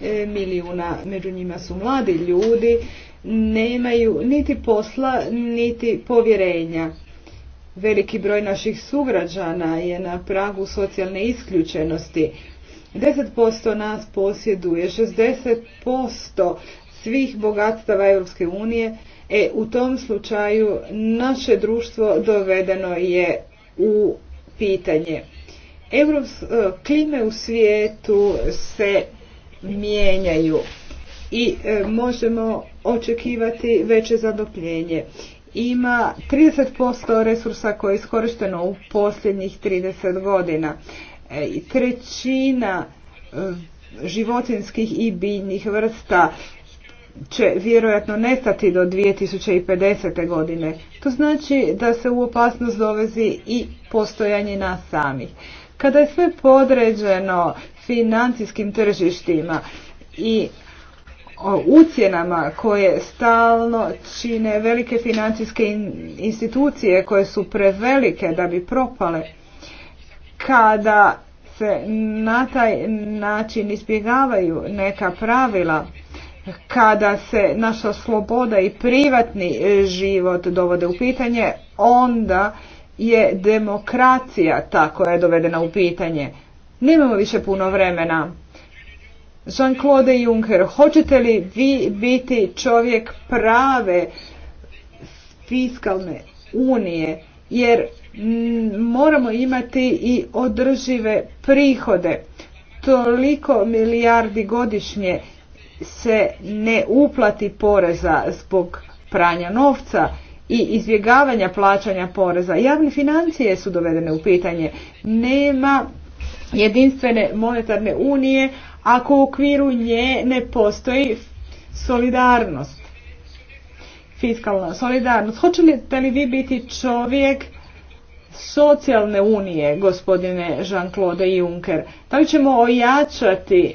e, milijuna, među njima su mladi ljudi, nemaju niti posla, niti povjerenja. Veliki broj naših sugrađana je na pragu socijalne isključenosti. 10% nas posjeduje, 60% svih bogatstava Europske unije, E, u tom slučaju naše društvo dovedeno je u pitanje. Evrops, e, klime u svijetu se mijenjaju i e, možemo očekivati veće zadopljenje. Ima 30% resursa koje je iskorišteno u posljednjih 30 godina. E, trećina životinskih i biljnih vrsta će vjerojatno nestati do 2050. godine. To znači da se u opasnost dovezi i postojanje nas samih. Kada je sve podređeno financijskim tržištima i ucjenama koje stalno čine velike financijske institucije koje su prevelike da bi propale, kada se na taj način izbjegavaju neka pravila, kada se naša sloboda i privatni e, život dovode u pitanje, onda je demokracija ta koja je dovedena u pitanje. Nemamo više puno vremena. Jean-Claude Juncker, hoćete li vi biti čovjek prave fiskalne unije? Jer moramo imati i održive prihode. Toliko milijardi godišnje se ne uplati poreza zbog pranja novca i izbjegavanja plaćanja poreza. Javne financije su dovedene u pitanje. Nema jedinstvene monetarne unije ako u okviru nje ne postoji solidarnost. Fiskalna solidarnost. Hoćete li vi biti čovjek socijalne unije, gospodine Jean-Claude Juncker? Da li ćemo ojačati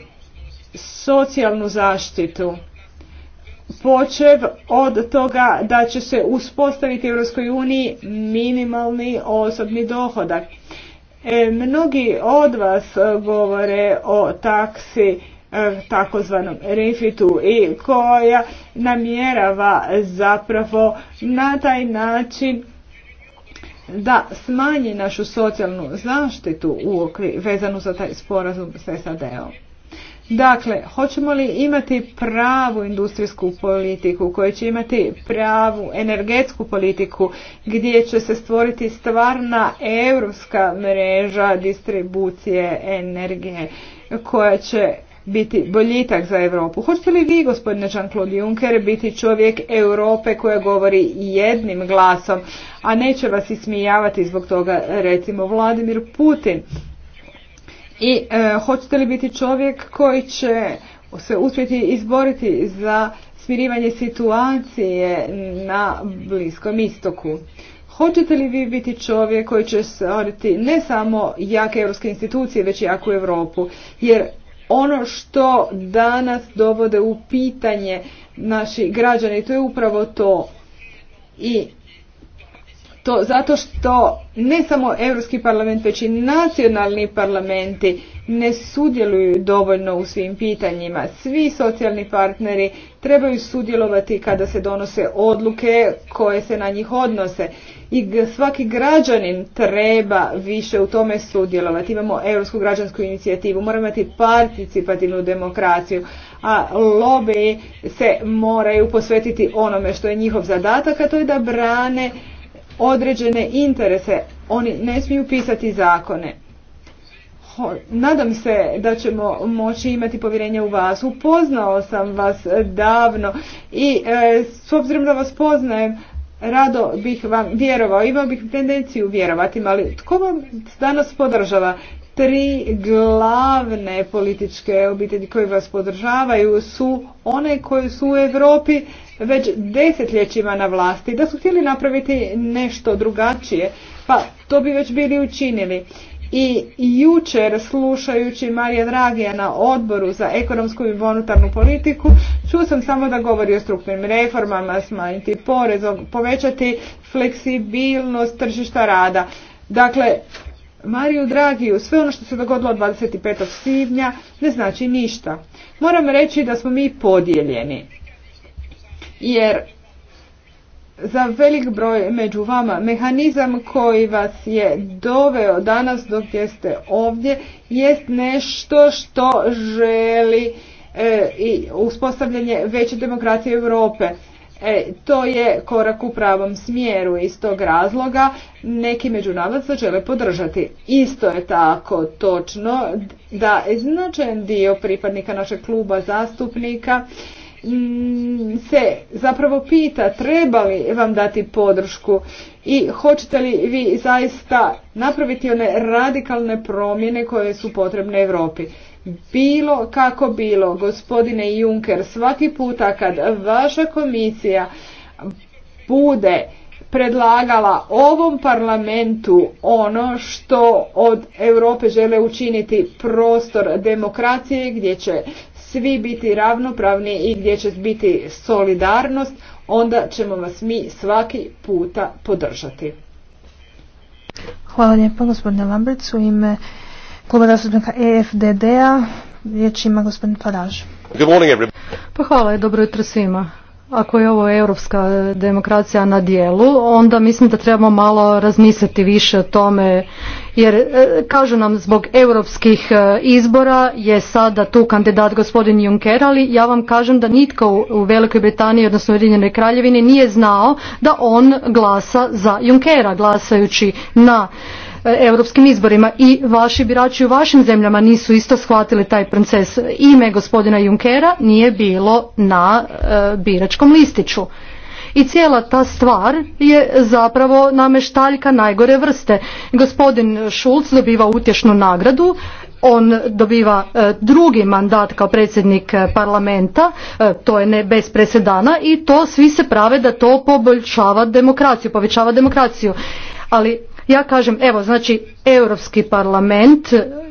socijalnu zaštitu počev od toga da će se uspostaviti u EU minimalni osobni dohodak. E, mnogi od vas govore o taksi e, takozvanom refitu i koja namjerava zapravo na taj način da smanji našu socijalnu zaštitu u okvi vezanu za taj sporazum s SAD-om. Dakle, hoćemo li imati pravu industrijsku politiku koja će imati pravu energetsku politiku gdje će se stvoriti stvarna europska mreža distribucije energije koja će biti boljitak za Europu. Hoćete li vi, gospodine Jean-Claude Juncker, biti čovjek Europe koja govori jednim glasom, a neće vas ismijavati zbog toga, recimo, Vladimir Putin? i e, hoćete li biti čovjek koji će se uspjeti izboriti za smirivanje situacije na Bliskom istoku? Hoćete li vi biti čovjek koji će stvoriti ne samo jake europske institucije, već i jaku Europu? Jer ono što danas dovode u pitanje naši građani, to je upravo to. I to zato što ne samo Europski parlament, već i nacionalni parlamenti ne sudjeluju dovoljno u svim pitanjima. Svi socijalni partneri trebaju sudjelovati kada se donose odluke koje se na njih odnose. I svaki građanin treba više u tome sudjelovati. Imamo Europsku građansku inicijativu, moramo imati participativnu demokraciju, a lobby se moraju posvetiti onome što je njihov zadatak, a to je da brane određene interese. Oni ne smiju pisati zakone. Nadam se da ćemo moći imati povjerenje u vas. Upoznao sam vas davno i e, s obzirom da vas poznajem, rado bih vam vjerovao, imao bih tendenciju vjerovati, ali tko vam danas podržava? Tri glavne političke obitelji koje vas podržavaju su one koje su u Europi već desetljećima na vlasti. Da su htjeli napraviti nešto drugačije, pa to bi već bili učinili. I jučer slušajući Marija Dragija na odboru za ekonomsku i monetarnu politiku, čuo sam samo da govori o strukturnim reformama, smanjiti porez, povećati fleksibilnost tržišta rada. Dakle, Mariju Dragiju, sve ono što se dogodilo 25. svibnja ne znači ništa. Moram reći da smo mi podijeljeni jer za velik broj među vama mehanizam koji vas je doveo danas dok jeste ovdje jest nešto što želi e, i uspostavljanje veće demokracije Europe. E, to je korak u pravom smjeru iz tog razloga neki među žele podržati. Isto je tako točno da značajan dio pripadnika našeg kluba zastupnika Mm, se zapravo pita treba li vam dati podršku i hoćete li vi zaista napraviti one radikalne promjene koje su potrebne Europi. Bilo kako bilo, gospodine Juncker, svaki puta kad vaša komisija bude predlagala ovom parlamentu ono što od Europe žele učiniti prostor demokracije gdje će svi biti ravnopravni i gdje će biti solidarnost, onda ćemo vas mi svaki puta podržati. Hvala lijepo gospodine Lambric. U ime kluba zastupnika EFDD-a riječ ima gospodin Faraž. Pa hvala i dobro jutro svima. Ako je ovo europska demokracija na dijelu, onda mislim da trebamo malo razmisliti više o tome, jer e, kažu nam zbog europskih e, izbora je sada tu kandidat gospodin Juncker, ali ja vam kažem da nitko u Velikoj Britaniji, odnosno Ujedinjenoj Kraljevini nije znao da on glasa za Junckera glasajući na E, europskim izborima i vaši birači u vašim zemljama nisu isto shvatili taj proces. Ime gospodina Junkera nije bilo na e, biračkom listiću. I cijela ta stvar je zapravo nameštaljka najgore vrste. Gospodin Šulc dobiva utješnu nagradu, on dobiva e, drugi mandat kao predsjednik parlamenta, to je ne bez presedana i to svi se prave da to poboljšava demokraciju, povećava demokraciju. Ali ja kažem, evo, znači, Europski parlament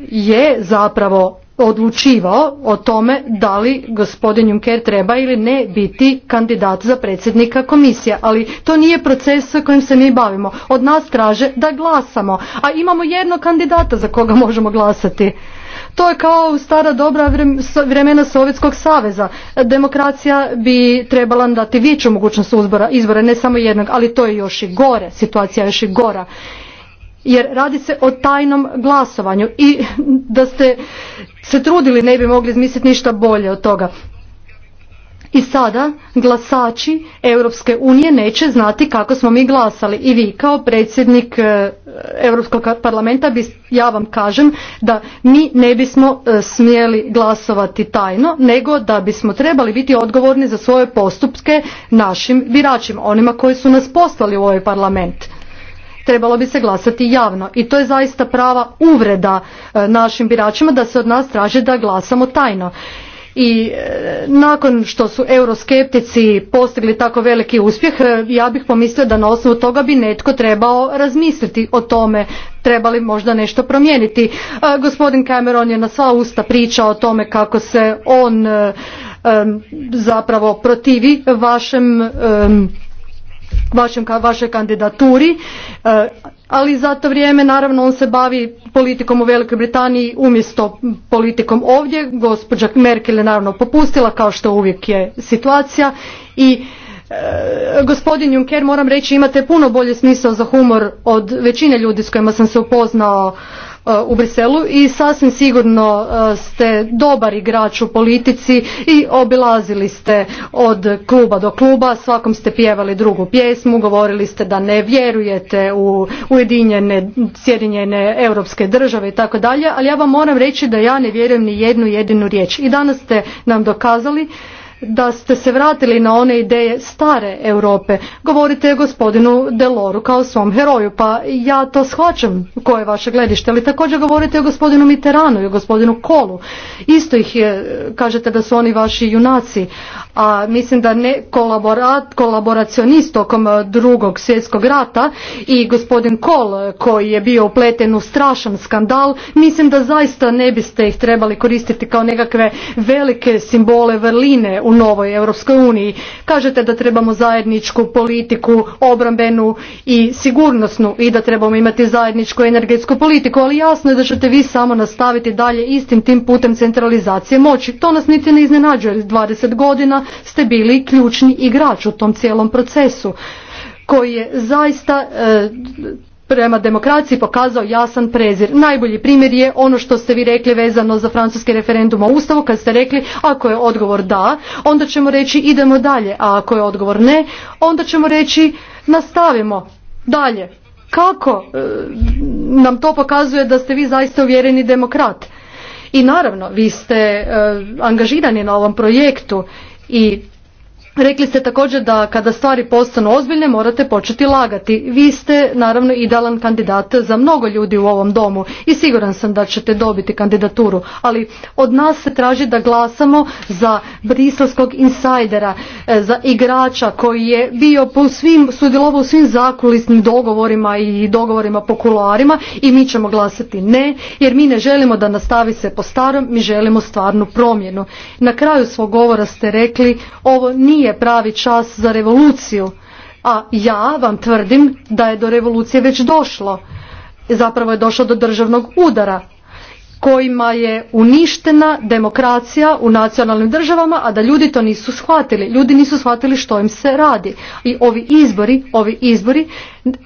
je zapravo odlučivao o tome da li gospodin Juncker treba ili ne biti kandidat za predsjednika komisije, ali to nije proces sa kojim se mi bavimo. Od nas traže da glasamo, a imamo jednog kandidata za koga možemo glasati. To je kao u stara dobra vremena Sovjetskog saveza. Demokracija bi trebala dati veću mogućnost uzbora, izbora, ne samo jednog, ali to je još i gore, situacija je još i gora jer radi se o tajnom glasovanju i da ste se trudili ne bi mogli izmisliti ništa bolje od toga. I sada glasači Europske unije neće znati kako smo mi glasali i vi kao predsjednik e, Europskog parlamenta ja vam kažem da mi ne bismo e, smjeli glasovati tajno nego da bismo trebali biti odgovorni za svoje postupke našim biračima, onima koji su nas poslali u ovaj parlament trebalo bi se glasati javno i to je zaista prava uvreda e, našim biračima da se od nas traže da glasamo tajno i e, nakon što su euroskeptici postigli tako veliki uspjeh e, ja bih pomislio da na osnovu toga bi netko trebao razmisliti o tome trebali možda nešto promijeniti. Gospodin Cameron je na sva usta pričao o tome kako se on zapravo protivi vašem vašem, vašoj kandidaturi, eh, ali za to vrijeme naravno on se bavi politikom u Velikoj Britaniji umjesto politikom ovdje. Gospođa Merkel je naravno popustila kao što uvijek je situacija i eh, gospodin Juncker moram reći imate puno bolji smisao za humor od većine ljudi s kojima sam se upoznao E, u Briselu i sasvim sigurno e, ste dobar igrač u politici i obilazili ste od kluba do kluba, svakom ste pjevali drugu pjesmu, govorili ste da ne vjerujete u Ujedinjene, Sjedinjene europske države i tako dalje, ali ja vam moram reći da ja ne vjerujem ni jednu jedinu riječ. I danas ste nam dokazali da ste se vratili na one ideje stare Europe. Govorite gospodinu Deloru kao svom heroju, pa ja to shvaćam koje je vaše gledište, ali također govorite o gospodinu Mitteranu i o gospodinu Kolu. Isto ih je, kažete da su oni vaši junaci, a mislim da ne kolaborat, kolaboracionist tokom drugog svjetskog rata i gospodin Kol koji je bio upleten u strašan skandal, mislim da zaista ne biste ih trebali koristiti kao nekakve velike simbole vrline u novoj Europskoj uniji. Kažete da trebamo zajedničku politiku, obrambenu i sigurnosnu i da trebamo imati zajedničku energetsku politiku, ali jasno je da ćete vi samo nastaviti dalje istim tim putem centralizacije moći. To nas niti ne iznenađuje. 20 godina ste bili ključni igrač u tom cijelom procesu koji je zaista e, prema demokraciji pokazao jasan prezir. Najbolji primjer je ono što ste vi rekli vezano za francuski referendum o Ustavu kad ste rekli ako je odgovor da, onda ćemo reći idemo dalje, a ako je odgovor ne, onda ćemo reći nastavimo dalje. Kako e, nam to pokazuje da ste vi zaista uvjereni demokrat? I naravno, vi ste e, angažirani na ovom projektu i Rekli ste također da kada stvari postanu ozbiljne morate početi lagati. Vi ste naravno idealan kandidat za mnogo ljudi u ovom domu i siguran sam da ćete dobiti kandidaturu, ali od nas se traži da glasamo za brislavskog insajdera, e, za igrača koji je bio po svim, sudjelovao u svim zakulisnim dogovorima i dogovorima po kuloarima i mi ćemo glasati ne, jer mi ne želimo da nastavi se po starom, mi želimo stvarnu promjenu. Na kraju svog govora ste rekli ovo nije nije pravi čas za revoluciju, a ja vam tvrdim da je do revolucije već došlo. Zapravo je došlo do državnog udara kojima je uništena demokracija u nacionalnim državama, a da ljudi to nisu shvatili. Ljudi nisu shvatili što im se radi. I ovi izbori, ovi izbori,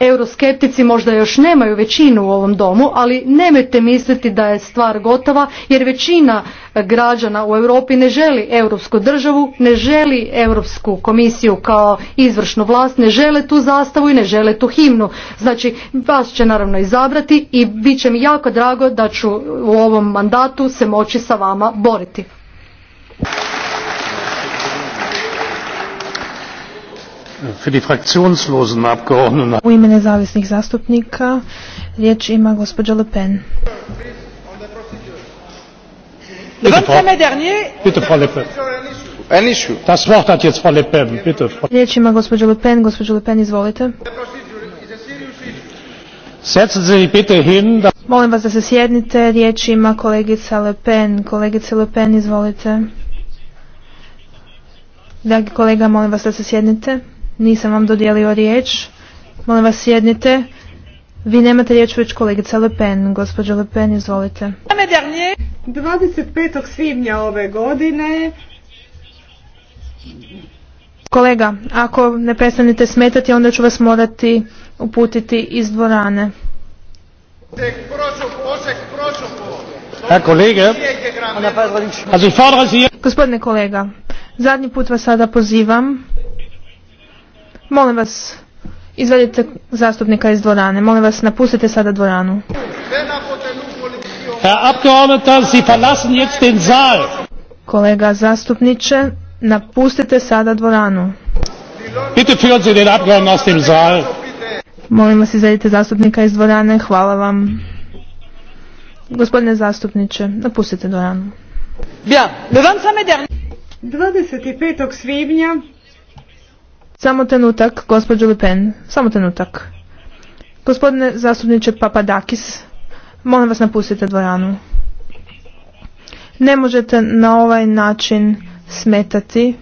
euroskeptici možda još nemaju većinu u ovom domu, ali nemojte misliti da je stvar gotova, jer većina građana u Europi ne želi europsku državu, ne želi europsku komisiju kao izvršnu vlast, ne žele tu zastavu i ne žele tu himnu. Znači vas će naravno izabrati i bit će mi jako drago da ću u ovom mandatu se moći sa vama boriti. U ime nezavisnih zastupnika riječ ima gospođa Le Pen le vingt mai riječ ima Le Pen. Gospođo Le Pen, izvolite. Molim vas da se sjednite. Riječ ima kolegica Le Pen. Kolegice Le Pen, izvolite. Dragi kolega, molim vas da se sjednite. Nisam vam dodijelio riječ. Molim vas sjednite. Vi nemate riječ već kolegica Le Pen. Gospođo Le Pen, izvolite. 25. svibnja ove godine Kolega, ako ne prestanete smetati, onda ću vas morati uputiti iz dvorane. Pa Gospodine kolega, zadnji put vas sada pozivam. Molim vas, Izvedite zastupnika iz dvorane. Molim vas, napustite sada dvoranu. Kolega zastupniče, napustite sada dvoranu. Molim vas izvedite zastupnika iz dvorane. Hvala vam. Gospodine zastupniče, napustite dvoranu. 25. svibnja samo trenutak, gospođo Le Pen, samo trenutak. Gospodine zastupniče Papadakis, molim vas napustite dvoranu. Ne možete na ovaj način smetati.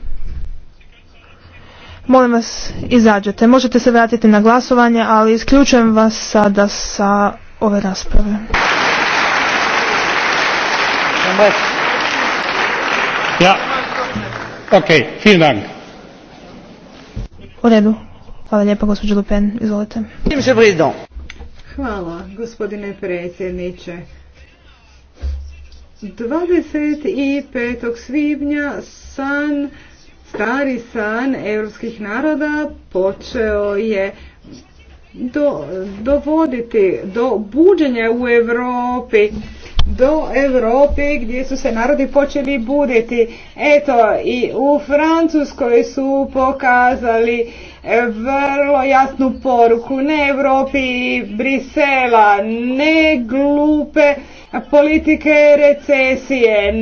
Molim vas, izađete. Možete se vratiti na glasovanje, ali isključujem vas sada sa ove rasprave. Ja. Dank. U redu. Hvala lijepa, gospođo Lupen. Izvolite. Hvala, gospodine predsjedniče. 25. svibnja san, stari san europskih naroda počeo je dovoditi do buđenja u Europi do Europe gdje su se narodi počeli buditi. Eto i u Francuskoj su pokazali e, vrlo jasnu poruku ne Europi i Brisela, ne glupe politike recesije,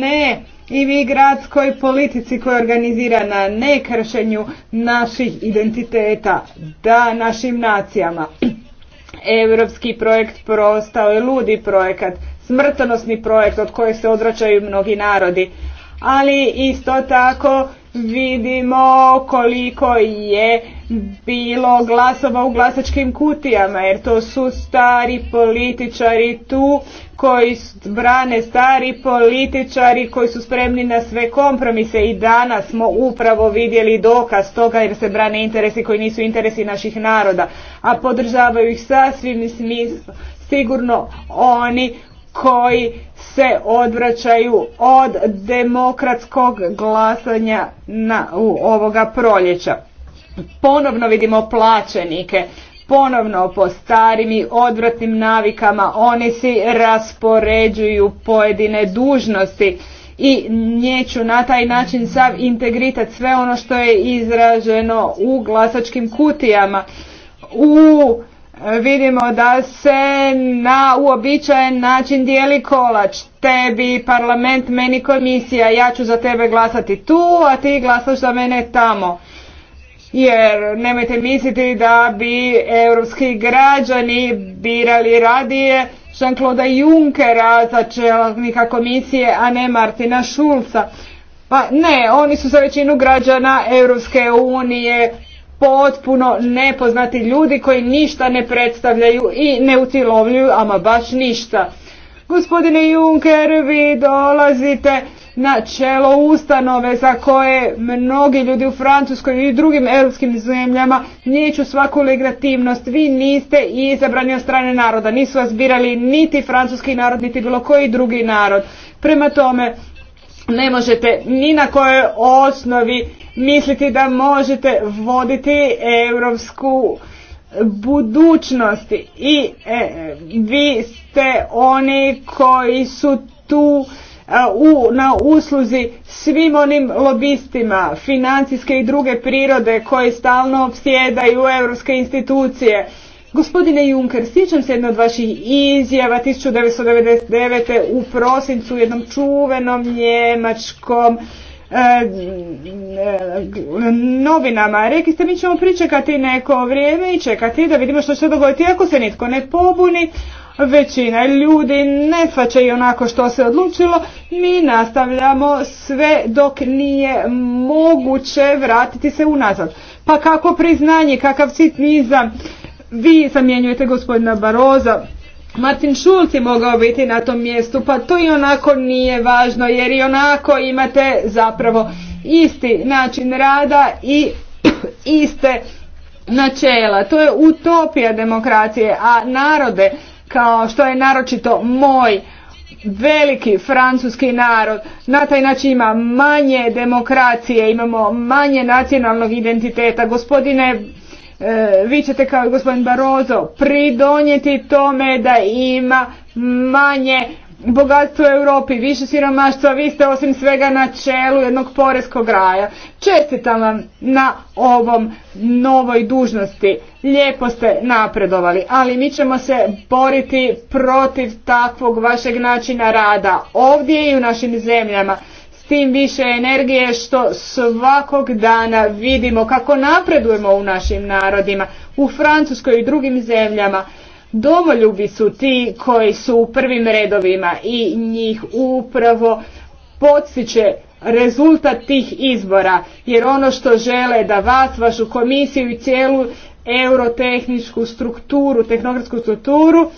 ne i vi gradskoj politici koja je organizirana ne kršenju naših identiteta, da našim nacijama. Europski projekt prostao je ludi projekat smrtonosni projekt od kojeg se odračaju mnogi narodi. Ali isto tako vidimo koliko je bilo glasova u glasačkim kutijama jer to su stari političari tu koji brane stari političari koji su spremni na sve kompromise i danas smo upravo vidjeli dokaz toga jer se brane interesi koji nisu interesi naših naroda a podržavaju ih sasvim sigurno oni koji se odvraćaju od demokratskog glasanja na, u ovoga proljeća. Ponovno vidimo plaćenike, ponovno po starim i odvratnim navikama oni si raspoređuju pojedine dužnosti i njeću na taj način sav integritet, sve ono što je izraženo u glasačkim kutijama, u vidimo da se na uobičajen način dijeli kolač. Tebi parlament, meni komisija, ja ću za tebe glasati tu, a ti glasaš za mene tamo. Jer nemojte misliti da bi europski građani birali radije Jean-Claude Junckera za čelnika komisije, a ne Martina Schulza. Pa ne, oni su za većinu građana Europske unije potpuno nepoznati ljudi koji ništa ne predstavljaju i ne utjelovljuju ama baš ništa. Gospodine Juncker, vi dolazite na čelo ustanove za koje mnogi ljudi u Francuskoj i drugim europskim zemljama nijeću svaku legitimnost. Vi niste izabrani od strane naroda. Nisu vas birali niti francuski narod, niti bilo koji drugi narod. Prema tome, ne možete ni na kojoj osnovi misliti da možete voditi europsku budućnost i e, vi ste oni koji su tu e, na usluzi svim onim lobistima financijske i druge prirode koji stalno obsjedaju europske institucije Gospodine Juncker, sjećam se jedno od vaših izjava 1999. u prosincu jednom čuvenom njemačkom e, e, novinama. Rekli ste mi ćemo pričekati neko vrijeme i čekati da vidimo što će dogoditi. Ako se nitko ne pobuni, većina ljudi ne svače i onako što se odlučilo, mi nastavljamo sve dok nije moguće vratiti se unazad. Pa kako priznanje, kakav niza vi zamjenjujete gospodina Baroza. Martin Schulz je mogao biti na tom mjestu, pa to i onako nije važno, jer i onako imate zapravo isti način rada i iste načela. To je utopija demokracije, a narode, kao što je naročito moj veliki francuski narod, na taj način ima manje demokracije, imamo manje nacionalnog identiteta. Gospodine E, vi ćete kao i gospodin Barozo pridonijeti tome da ima manje bogatstvo u Europi, više siromaštva, vi ste osim svega na čelu jednog poreskog raja. Čestitam vam na ovom novoj dužnosti. Lijepo ste napredovali, ali mi ćemo se boriti protiv takvog vašeg načina rada ovdje i u našim zemljama tim više energije što svakog dana vidimo kako napredujemo u našim narodima, u Francuskoj i drugim zemljama. Domoljubi su ti koji su u prvim redovima i njih upravo podsjeće rezultat tih izbora, jer ono što žele da vas, vašu komisiju i cijelu eurotehničku strukturu, tehnokratsku strukturu,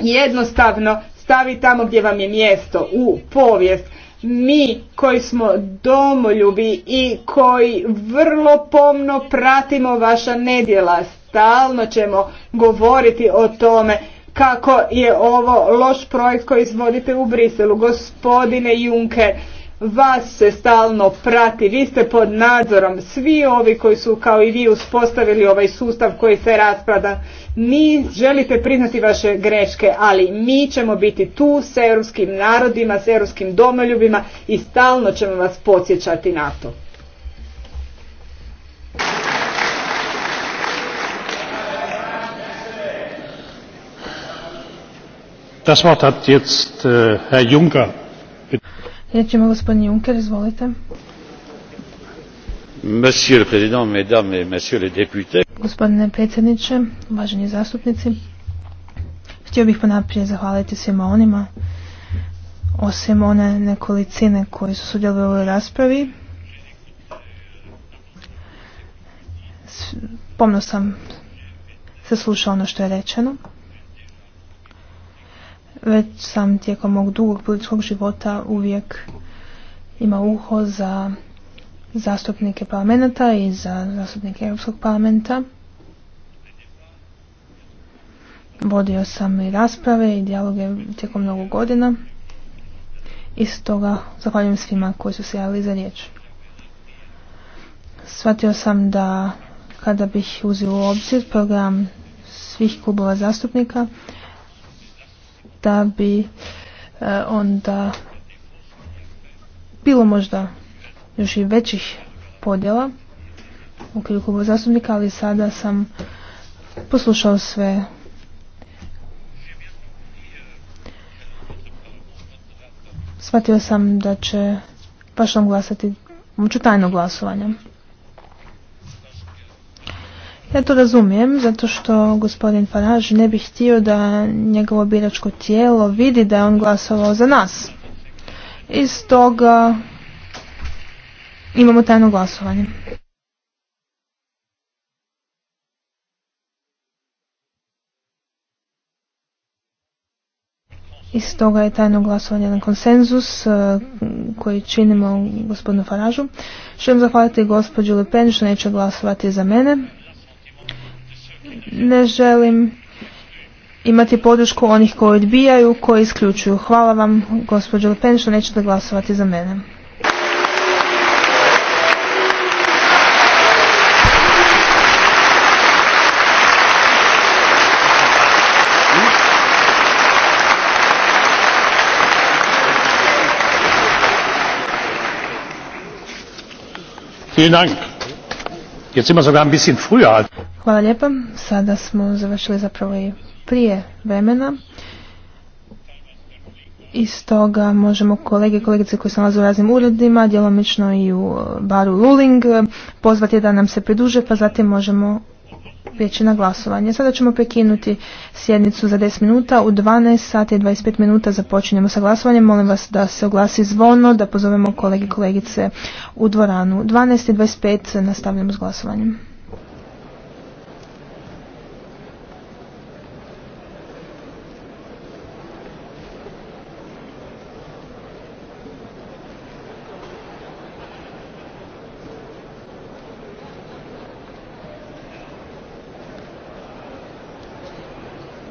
jednostavno stavi tamo gdje vam je mjesto, u povijest mi koji smo domoljubi i koji vrlo pomno pratimo vaša nedjela. Stalno ćemo govoriti o tome kako je ovo loš projekt koji izvodite u Briselu. Gospodine Juncker, vas se stalno prati, vi ste pod nadzorom, svi ovi koji su kao i vi uspostavili ovaj sustav koji se raspada, mi želite priznati vaše greške, ali mi ćemo biti tu s europskim narodima, s europskim domoljubima i stalno ćemo vas podsjećati na to. Das Wort hat jetzt äh, Herr Juncker. Riječ ima gospodin Juncker, izvolite. Monsieur le Président, mesdames et messieurs les députés. Gospodine predsjedniče, uvaženi zastupnici, htio bih ponaprije zahvaliti svima onima, osim one nekolicine koji su sudjelovali u ovoj raspravi. Pomno sam saslušao ono što je rečeno. Već sam tijekom mog dugog političkog života uvijek ima uho za zastupnike parlamenta i za zastupnike Europskog parlamenta. Vodio sam i rasprave i dijaloge tijekom mnogo godina i stoga zahvaljujem svima koji su se javili za riječ. Svatio sam da kada bih uzio u obzir program svih klubova zastupnika, da bi e, onda bilo možda još i većih podjela u okviru klubu zastupnika, ali sada sam poslušao sve shvatio sam da će baš glasati moću tajnog glasovanja. Ja to razumijem, zato što gospodin Faraž ne bi htio da njegovo biračko tijelo vidi da je on glasovao za nas. I toga imamo tajno glasovanje. I stoga je tajno glasovanje na konsenzus eh, koji činimo gospodinu Faražu. Želim zahvaliti gospođu Le Pen što neće glasovati za mene ne želim imati podršku onih koji odbijaju, koji isključuju. Hvala vam, gospođo Le Pen, što nećete glasovati za mene. Vielen Dank. Hvala lijepa. Sada smo završili zapravo i prije vremena. I stoga možemo kolege i kolegice koji se nalaze u raznim uredima, djelomično i u baru Luling, pozvati da nam se priduže, pa zatim možemo prijeći na glasovanje. Sada ćemo prekinuti sjednicu za 10 minuta. U 12 sati i 25 minuta započinjemo sa glasovanjem. Molim vas da se oglasi zvono, da pozovemo kolege i kolegice u dvoranu. 12 i 25 nastavljamo s glasovanjem.